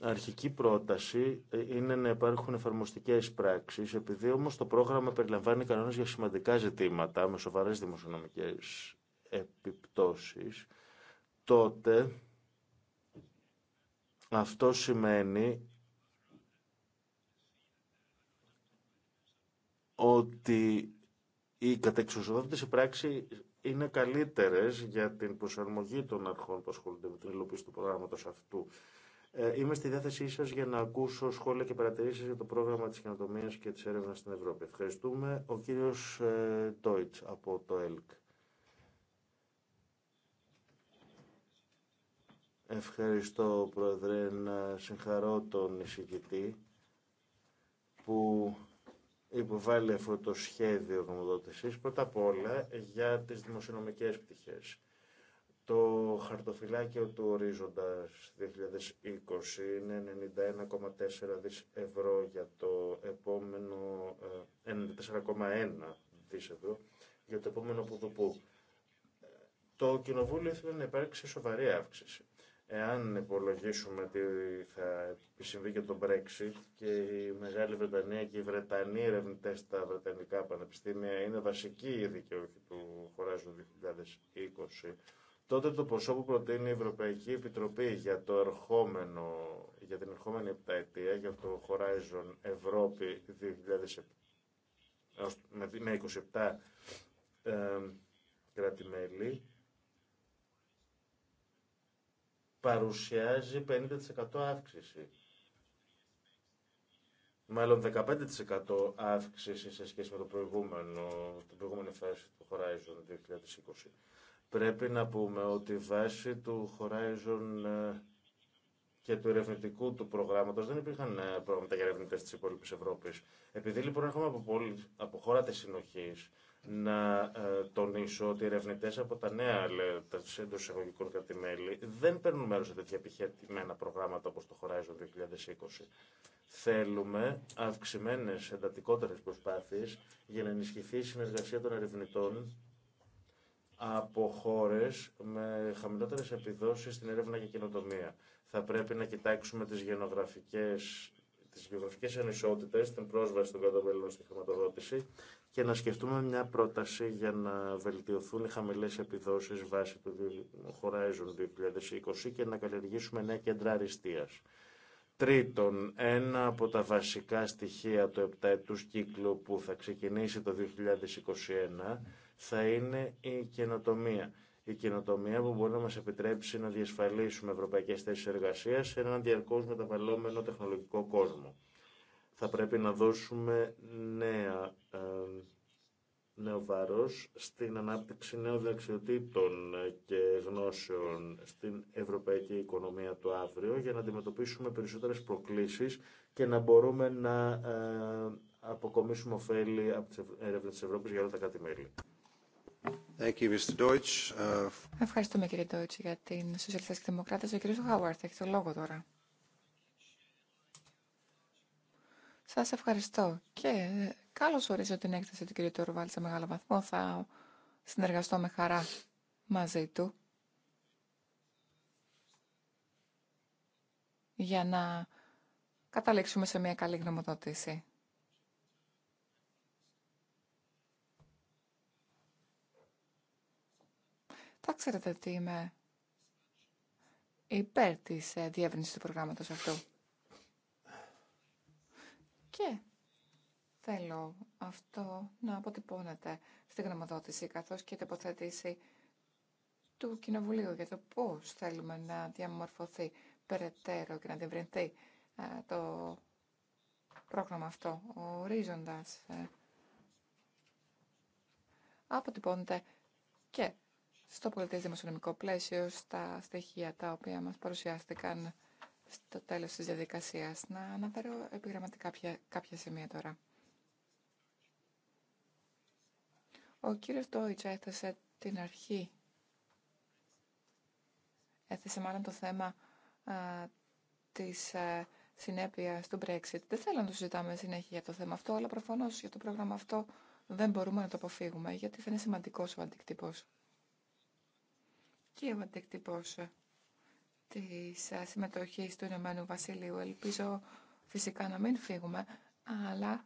αρχική πρόταση ε, είναι να υπάρχουν εφαρμοστικές πράξεις, επειδή όμως το πρόγραμμα περιλαμβάνει κανόνες για σημαντικά ζητήματα με σοβαρές δημοσιονομικές επιπτώσεις, τότε αυτό σημαίνει ότι οι κατεξουσιοδότητες σε πράξη είναι καλύτερες για την προσαρμογή των αρχών που ασχολούνται με την υλοποίηση του προγράμματος αυτού. Ε, είμαι στη διάθεσή σας για να ακούσω σχόλια και παρατηρήσεις για το πρόγραμμα της καινοτομίας και της έρευνας στην Ευρώπη. Ευχαριστούμε. Ο κύριος ε, Τόιτς από το ΕΛΚ. Ευχαριστώ, Πρόεδρε, να συγχαρώ τον εισηγητή που υποβάλει αυτό το σχέδιο γνωμοδότησης, πρώτα απ' όλα για τις δημοσιονομικές πτυχές. Το χαρτοφυλάκιο του ορίζοντας 2020 είναι 91,4 δις ευρώ για το επόμενο, 94,1 ε, δις ευρώ για το επόμενο πουδουπού. Ε, το Κοινοβούλιο ήθελε να υπάρξει σοβαρή αύξηση. Εάν υπολογίσουμε τι θα συμβεί και το Brexit και η Μεγάλη Βρετανία και οι Βρετανοί ερευνητέ στα Βρετανικά πανεπιστήμια είναι βασική η δικαιούχοι του Horizon 2020, τότε το ποσό που προτείνει η Ευρωπαϊκή Επιτροπή για, το ερχόμενο, για την ερχόμενη επταετία, για το Horizon Ευρώπη με 27 ε, κράτη-μέλη, παρουσιάζει 50% αύξηση. Μάλλον 15% αύξηση σε σχέση με το προηγούμενο, την προηγούμενη φάση του Horizon 2020. Πρέπει να πούμε ότι βάσει του Horizon ε, και του ερευνητικού του προγράμματο δεν υπήρχαν ε, προγράμματα για ερευνητέ τη υπόλοιπη Ευρώπη. Επειδή λοιπόν έρχομαι από, από χώρα τη συνοχή, να ε, τονίσω ότι οι ερευνητέ από τα νέα εντό εισαγωγικών κρατημέλη δεν παίρνουν μέρο σε τέτοια επιχειρημένα προγράμματα όπω το Horizon 2020. Θέλουμε αυξημένε, εντατικότερε προσπάθειε για να ενισχυθεί η συνεργασία των ερευνητών από χώρε με χαμηλότερε επιδόσει στην έρευνα και καινοτομία. Θα πρέπει να κοιτάξουμε τι γενογραφικέ τις γεωγραφικές ανισότητες, την πρόσβαση των καταβέλων στη χρηματοδότηση και να σκεφτούμε μια πρόταση για να βελτιωθούν οι χαμηλές επιδόσεις βάσει του Horizon 2020 και να καλλιεργήσουμε νέα κέντρα αριστείας. Τρίτον, ένα από τα βασικά στοιχεία του επτάετούς κύκλου που θα ξεκινήσει το 2021 θα είναι η καινοτομία. Η καινοτομία που μπορεί να μας επιτρέψει να διασφαλίσουμε ευρωπαϊκές θέσεις εργασίας σε έναν διαρκώς μεταβαλλόμενο τεχνολογικό κόσμο θα πρέπει να δώσουμε νέα, ε, νέο βάρος στην ανάπτυξη νέων δεξιοτήτων και γνώσεων στην ευρωπαϊκή οικονομία του αύριο για να αντιμετωπίσουμε περισσότερες προκλήσεις και να μπορούμε να ε, αποκομίσουμε ωφέλη από τις έρευνες της Ευρώπης για όλα τα κάτι μέλη. Thank you, Mr. Deutsch. Ε, Ευχαριστούμε κύριε Deutsch για την Σοσιαλιστική Δημοκράτηση. Ο κύριος Χάουαρτ έχει το λόγο τώρα. Θα Σας ευχαριστώ και ε, καλώς ορίζω την έκθεση του κ. Τουρβάλ σε μεγάλο βαθμό. Θα συνεργαστώ με χαρά μαζί του για να καταλήξουμε σε μια καλή γνωμοδότηση. Θα ξέρετε ότι είμαι υπέρ της ε, διεύρυνσης του προγράμματος αυτού. Και θέλω αυτό να αποτυπώνεται στη γνωμοδότηση καθώς και την υποθέτηση του Κοινοβουλίου για το πώς θέλουμε να διαμορφωθεί περαιτέρω και να διευρυνθεί ε, το πρόγραμμα αυτό, ορίζοντας ε, αποτυπώνεται και στο πολιτικό δημοσιονομικό πλαίσιο στα στοιχεία τα οποία μας παρουσιάστηκαν στο τέλος της διαδικασίας. Να αναφέρω επιγραμματικά κάποια, κάποια σημεία τώρα. Ο κύριος Τοίτσα έθεσε την αρχή. Έθεσε μάλλον το θέμα α, της ε, συνέπειας του Brexit. Δεν θέλω να το συζητάμε συνέχεια για το θέμα αυτό, αλλά προφανώς για το πρόγραμμα αυτό δεν μπορούμε να το αποφύγουμε, γιατί θα είναι σημαντικός ο αντικτυπός. Και ο αντικτυπός ε, τη ε, συμμετοχή του Ηνωμένου Βασιλείου. Ελπίζω φυσικά να μην φύγουμε, αλλά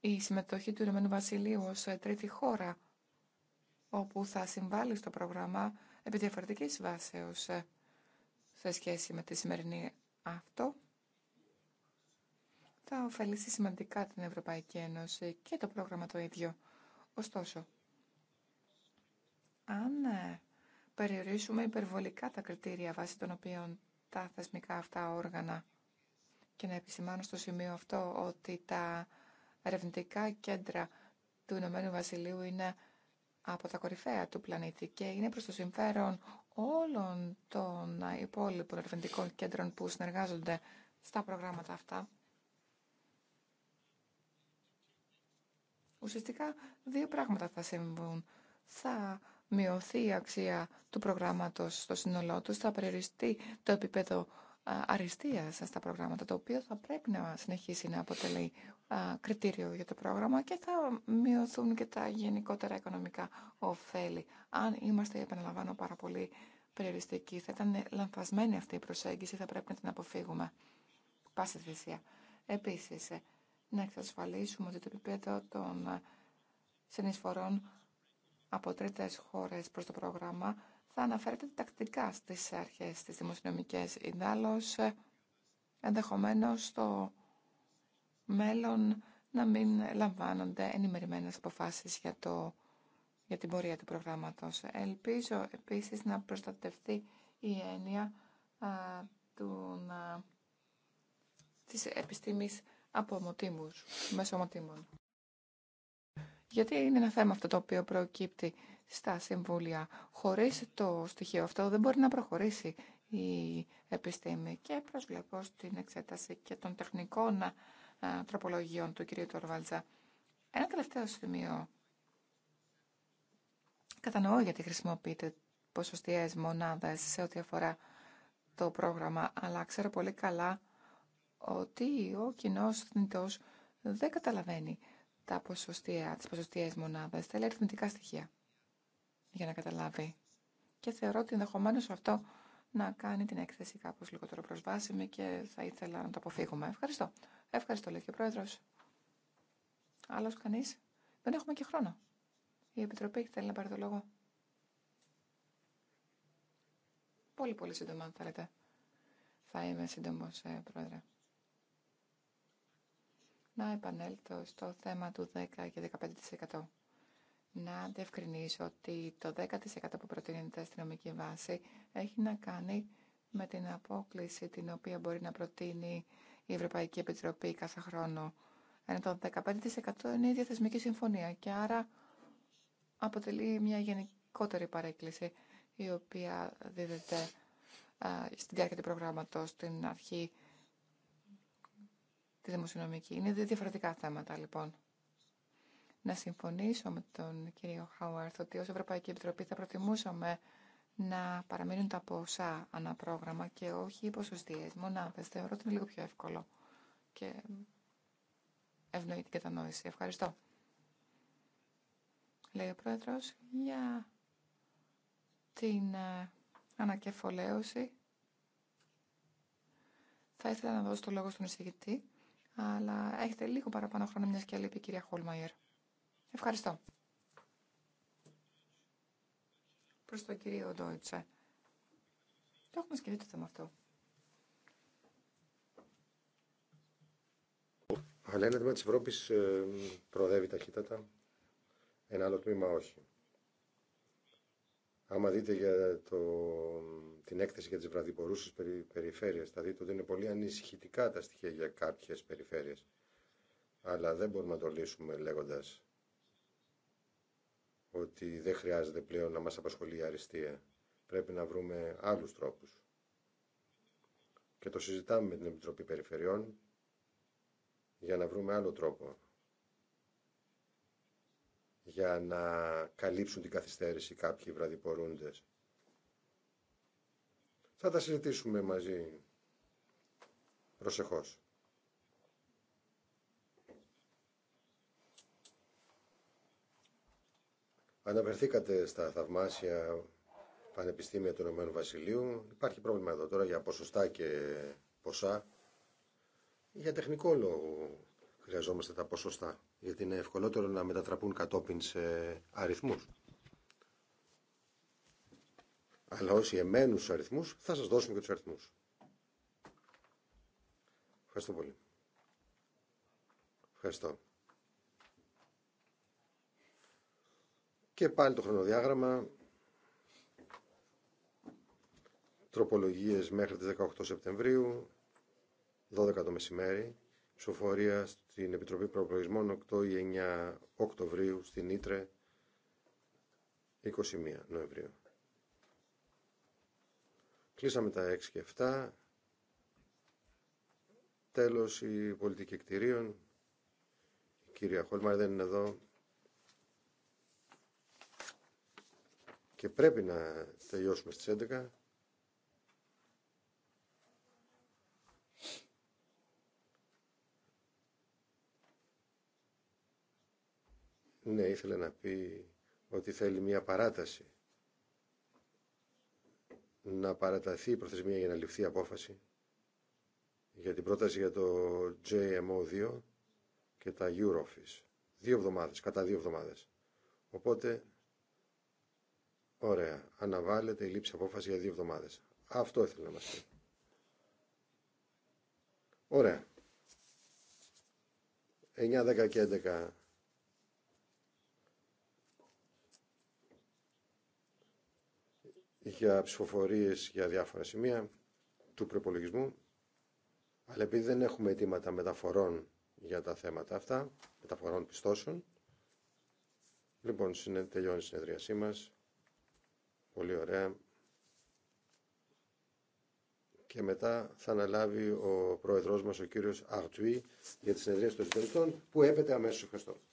η συμμετοχή του Ηνωμένου Βασιλείου ως ε, τρίτη χώρα όπου θα συμβάλλει στο πρόγραμμα επί διαφορετικής βάσεως ε, σε σχέση με τη σημερινή αυτό θα ωφελήσει σημαντικά την Ευρωπαϊκή Ένωση και το πρόγραμμα το ίδιο. Ωστόσο, αν περιορίσουμε υπερβολικά τα κριτήρια βάσει των οποίων τα θεσμικά αυτά όργανα και να επισημάνω στο σημείο αυτό ότι τα ερευνητικά κέντρα του Ηνωμένου Βασιλείου είναι από τα κορυφαία του πλανήτη και είναι προς το συμφέρον όλων των υπόλοιπων ερευνητικών κέντρων που συνεργάζονται στα προγράμματα αυτά. Ουσιαστικά δύο πράγματα θα συμβούν. Θα μειωθεί η αξία του προγράμματος στο σύνολό του, θα περιοριστεί το επίπεδο αριστεία στα προγράμματα, το οποίο θα πρέπει να συνεχίσει να αποτελεί κριτήριο για το πρόγραμμα και θα μειωθούν και τα γενικότερα οικονομικά ωφέλη. Αν είμαστε, επαναλαμβάνω, πάρα πολύ περιοριστικοί, θα ήταν λανθασμένη αυτή η προσέγγιση, θα πρέπει να την αποφύγουμε. Πάση θυσία. Επίση, ε, να εξασφαλίσουμε ότι το επίπεδο των ε, συνεισφορών από τρίτε χώρε προ το πρόγραμμα θα αναφέρεται τακτικά στις αρχές της δημοσιονομική ιδάλω ενδεχομένω στο μέλλον να μην λαμβάνονται ενημερημένε αποφάσει για, για την πορεία του προγράμματο. Ελπίζω επίση να προστατευτεί η έννοια α, του, της επιστήμης από μοτίμους, μέσω μοτίμων. Γιατί είναι ένα θέμα αυτό το οποίο προκύπτει στα συμβούλια. Χωρίς το στοιχείο αυτό δεν μπορεί να προχωρήσει η επιστήμη. Και προσβλέπω στην εξέταση και των τεχνικών τροπολογιών του κ. Τορβάλτζα. Ένα τελευταίο σημείο. Κατανοώ γιατί χρησιμοποιείτε ποσοστιαίες μονάδες σε ό,τι αφορά το πρόγραμμα, αλλά ξέρω πολύ καλά ότι ο κοινό θνητός δεν καταλαβαίνει τα ποσοστία, τις ποσοστιαίες μονάδες, θέλει αριθμητικά στοιχεία για να καταλάβει. Και θεωρώ ότι ενδεχομένω αυτό να κάνει την έκθεση κάπως λιγότερο προσβάσιμη και θα ήθελα να το αποφύγουμε. Ευχαριστώ. Ευχαριστώ, λέει και ο Πρόεδρος. Άλλος κανείς. Δεν έχουμε και χρόνο. Η Επιτροπή θέλει να πάρει το λόγο. Πολύ πολύ σύντομα, αν θέλετε. Θα είμαι σύντομος, ε, Πρόεδρε να επανέλθω στο θέμα του 10 και 15%. Να διευκρινίσω ότι το 10% που προτείνεται στην νομική βάση έχει να κάνει με την απόκληση την οποία μπορεί να προτείνει η Ευρωπαϊκή Επιτροπή κάθε χρόνο. Ενώ το 15% είναι η διαθεσμική συμφωνία και άρα αποτελεί μια γενικότερη παρέκκληση η οποία δίδεται στην διάρκεια του προγράμματος στην αρχή τη δημοσιονομική. Είναι δύο διαφορετικά θέματα, λοιπόν. Να συμφωνήσω με τον κύριο Χάουαρθ ότι ως Ευρωπαϊκή Επιτροπή θα προτιμούσαμε να παραμείνουν τα ποσά αναπρόγραμμα και όχι οι ποσοστίες μονάδες. Θεωρώ ότι είναι λίγο πιο εύκολο και ευνοεί την κατανόηση. Ευχαριστώ. Λέει ο Πρόεδρος για την ε, ανακεφολαίωση. Θα ήθελα να δώσω το λόγο στον εισηγητή αλλά έχετε λίγο παραπάνω χρόνο μια και λείπει η κυρία Χολμαϊερ. Ευχαριστώ. Προς τον κύριο Ντόιτσε. Το έχουμε σκεφτεί το θέμα αυτό. Αλλά ένα τμήμα τη Ευρώπη ε, προοδεύει ταχύτατα, ένα άλλο τμήμα όχι. Άμα δείτε για το, την έκθεση για τις βραδιπορούσες περι, περιφέρειες, θα δείτε ότι είναι πολύ ανησυχητικά τα στοιχεία για κάποιες περιφέρειες. Αλλά δεν μπορούμε να το λύσουμε λέγοντας ότι δεν χρειάζεται πλέον να μας απασχολεί η αριστεία. Πρέπει να βρούμε άλλους τρόπους. Και το συζητάμε με την Επιτροπή Περιφερειών για να βρούμε άλλο τρόπο για να καλύψουν την καθυστέρηση κάποιοι βραδιπορούντες. Θα τα συζητήσουμε μαζί προσεχώς. Αναβερθήκατε στα θαυμάσια πανεπιστήμια του Ηνωμένου Βασιλείου. Υπάρχει πρόβλημα εδώ τώρα για ποσοστά και ποσά. Για τεχνικό λόγο χρειαζόμαστε τα ποσοστά γιατί είναι ευκολότερο να μετατραπούν κατόπιν σε αριθμούς. Αλλά όσοι εμένουν στους αριθμούς, θα σας δώσουμε και τους αριθμούς. Ευχαριστώ πολύ. Ευχαριστώ. Και πάλι το χρονοδιάγραμμα. Τροπολογίες μέχρι τις 18 Σεπτεμβρίου, 12 το μεσημέρι ψηφοφορία στην Επιτροπή Προπολογισμών 8 ή 9 Οκτωβρίου, στην Ήτρε 21 Νοεμβρίου. Κλείσαμε τα 6 και 7. Τέλος η πολιτική κτηρίων. Η κυρία Χόλμαρ δεν είναι εδώ. Και πρέπει να τελειώσουμε στις 11. Ναι, ήθελε να πει ότι θέλει μια παράταση. Να παραταθεί η προθεσμία για να ληφθεί απόφαση για την πρόταση για το JMO2 και τα Eurofis. Δύο εβδομάδες, κατά δύο εβδομάδες. Οπότε, ωραία, αναβάλλεται η λήψη απόφαση για δύο εβδομάδες. Αυτό ήθελα να μας πει. Ωραία. 9, 10 και 11 για ψηφοφορίες για διάφορα σημεία του προπολογισμού, αλλά επειδή δεν έχουμε αιτήματα μεταφορών για τα θέματα αυτά, μεταφορών πιστώσεων, λοιπόν τελειώνει η συνεδρίασή μας, πολύ ωραία, και μετά θα αναλάβει ο πρόεδρός μας, ο κύριος Αρτουή, για τη συνεδρίες των συντονιστών, που έπεται αμέσως. Ευχαριστώ.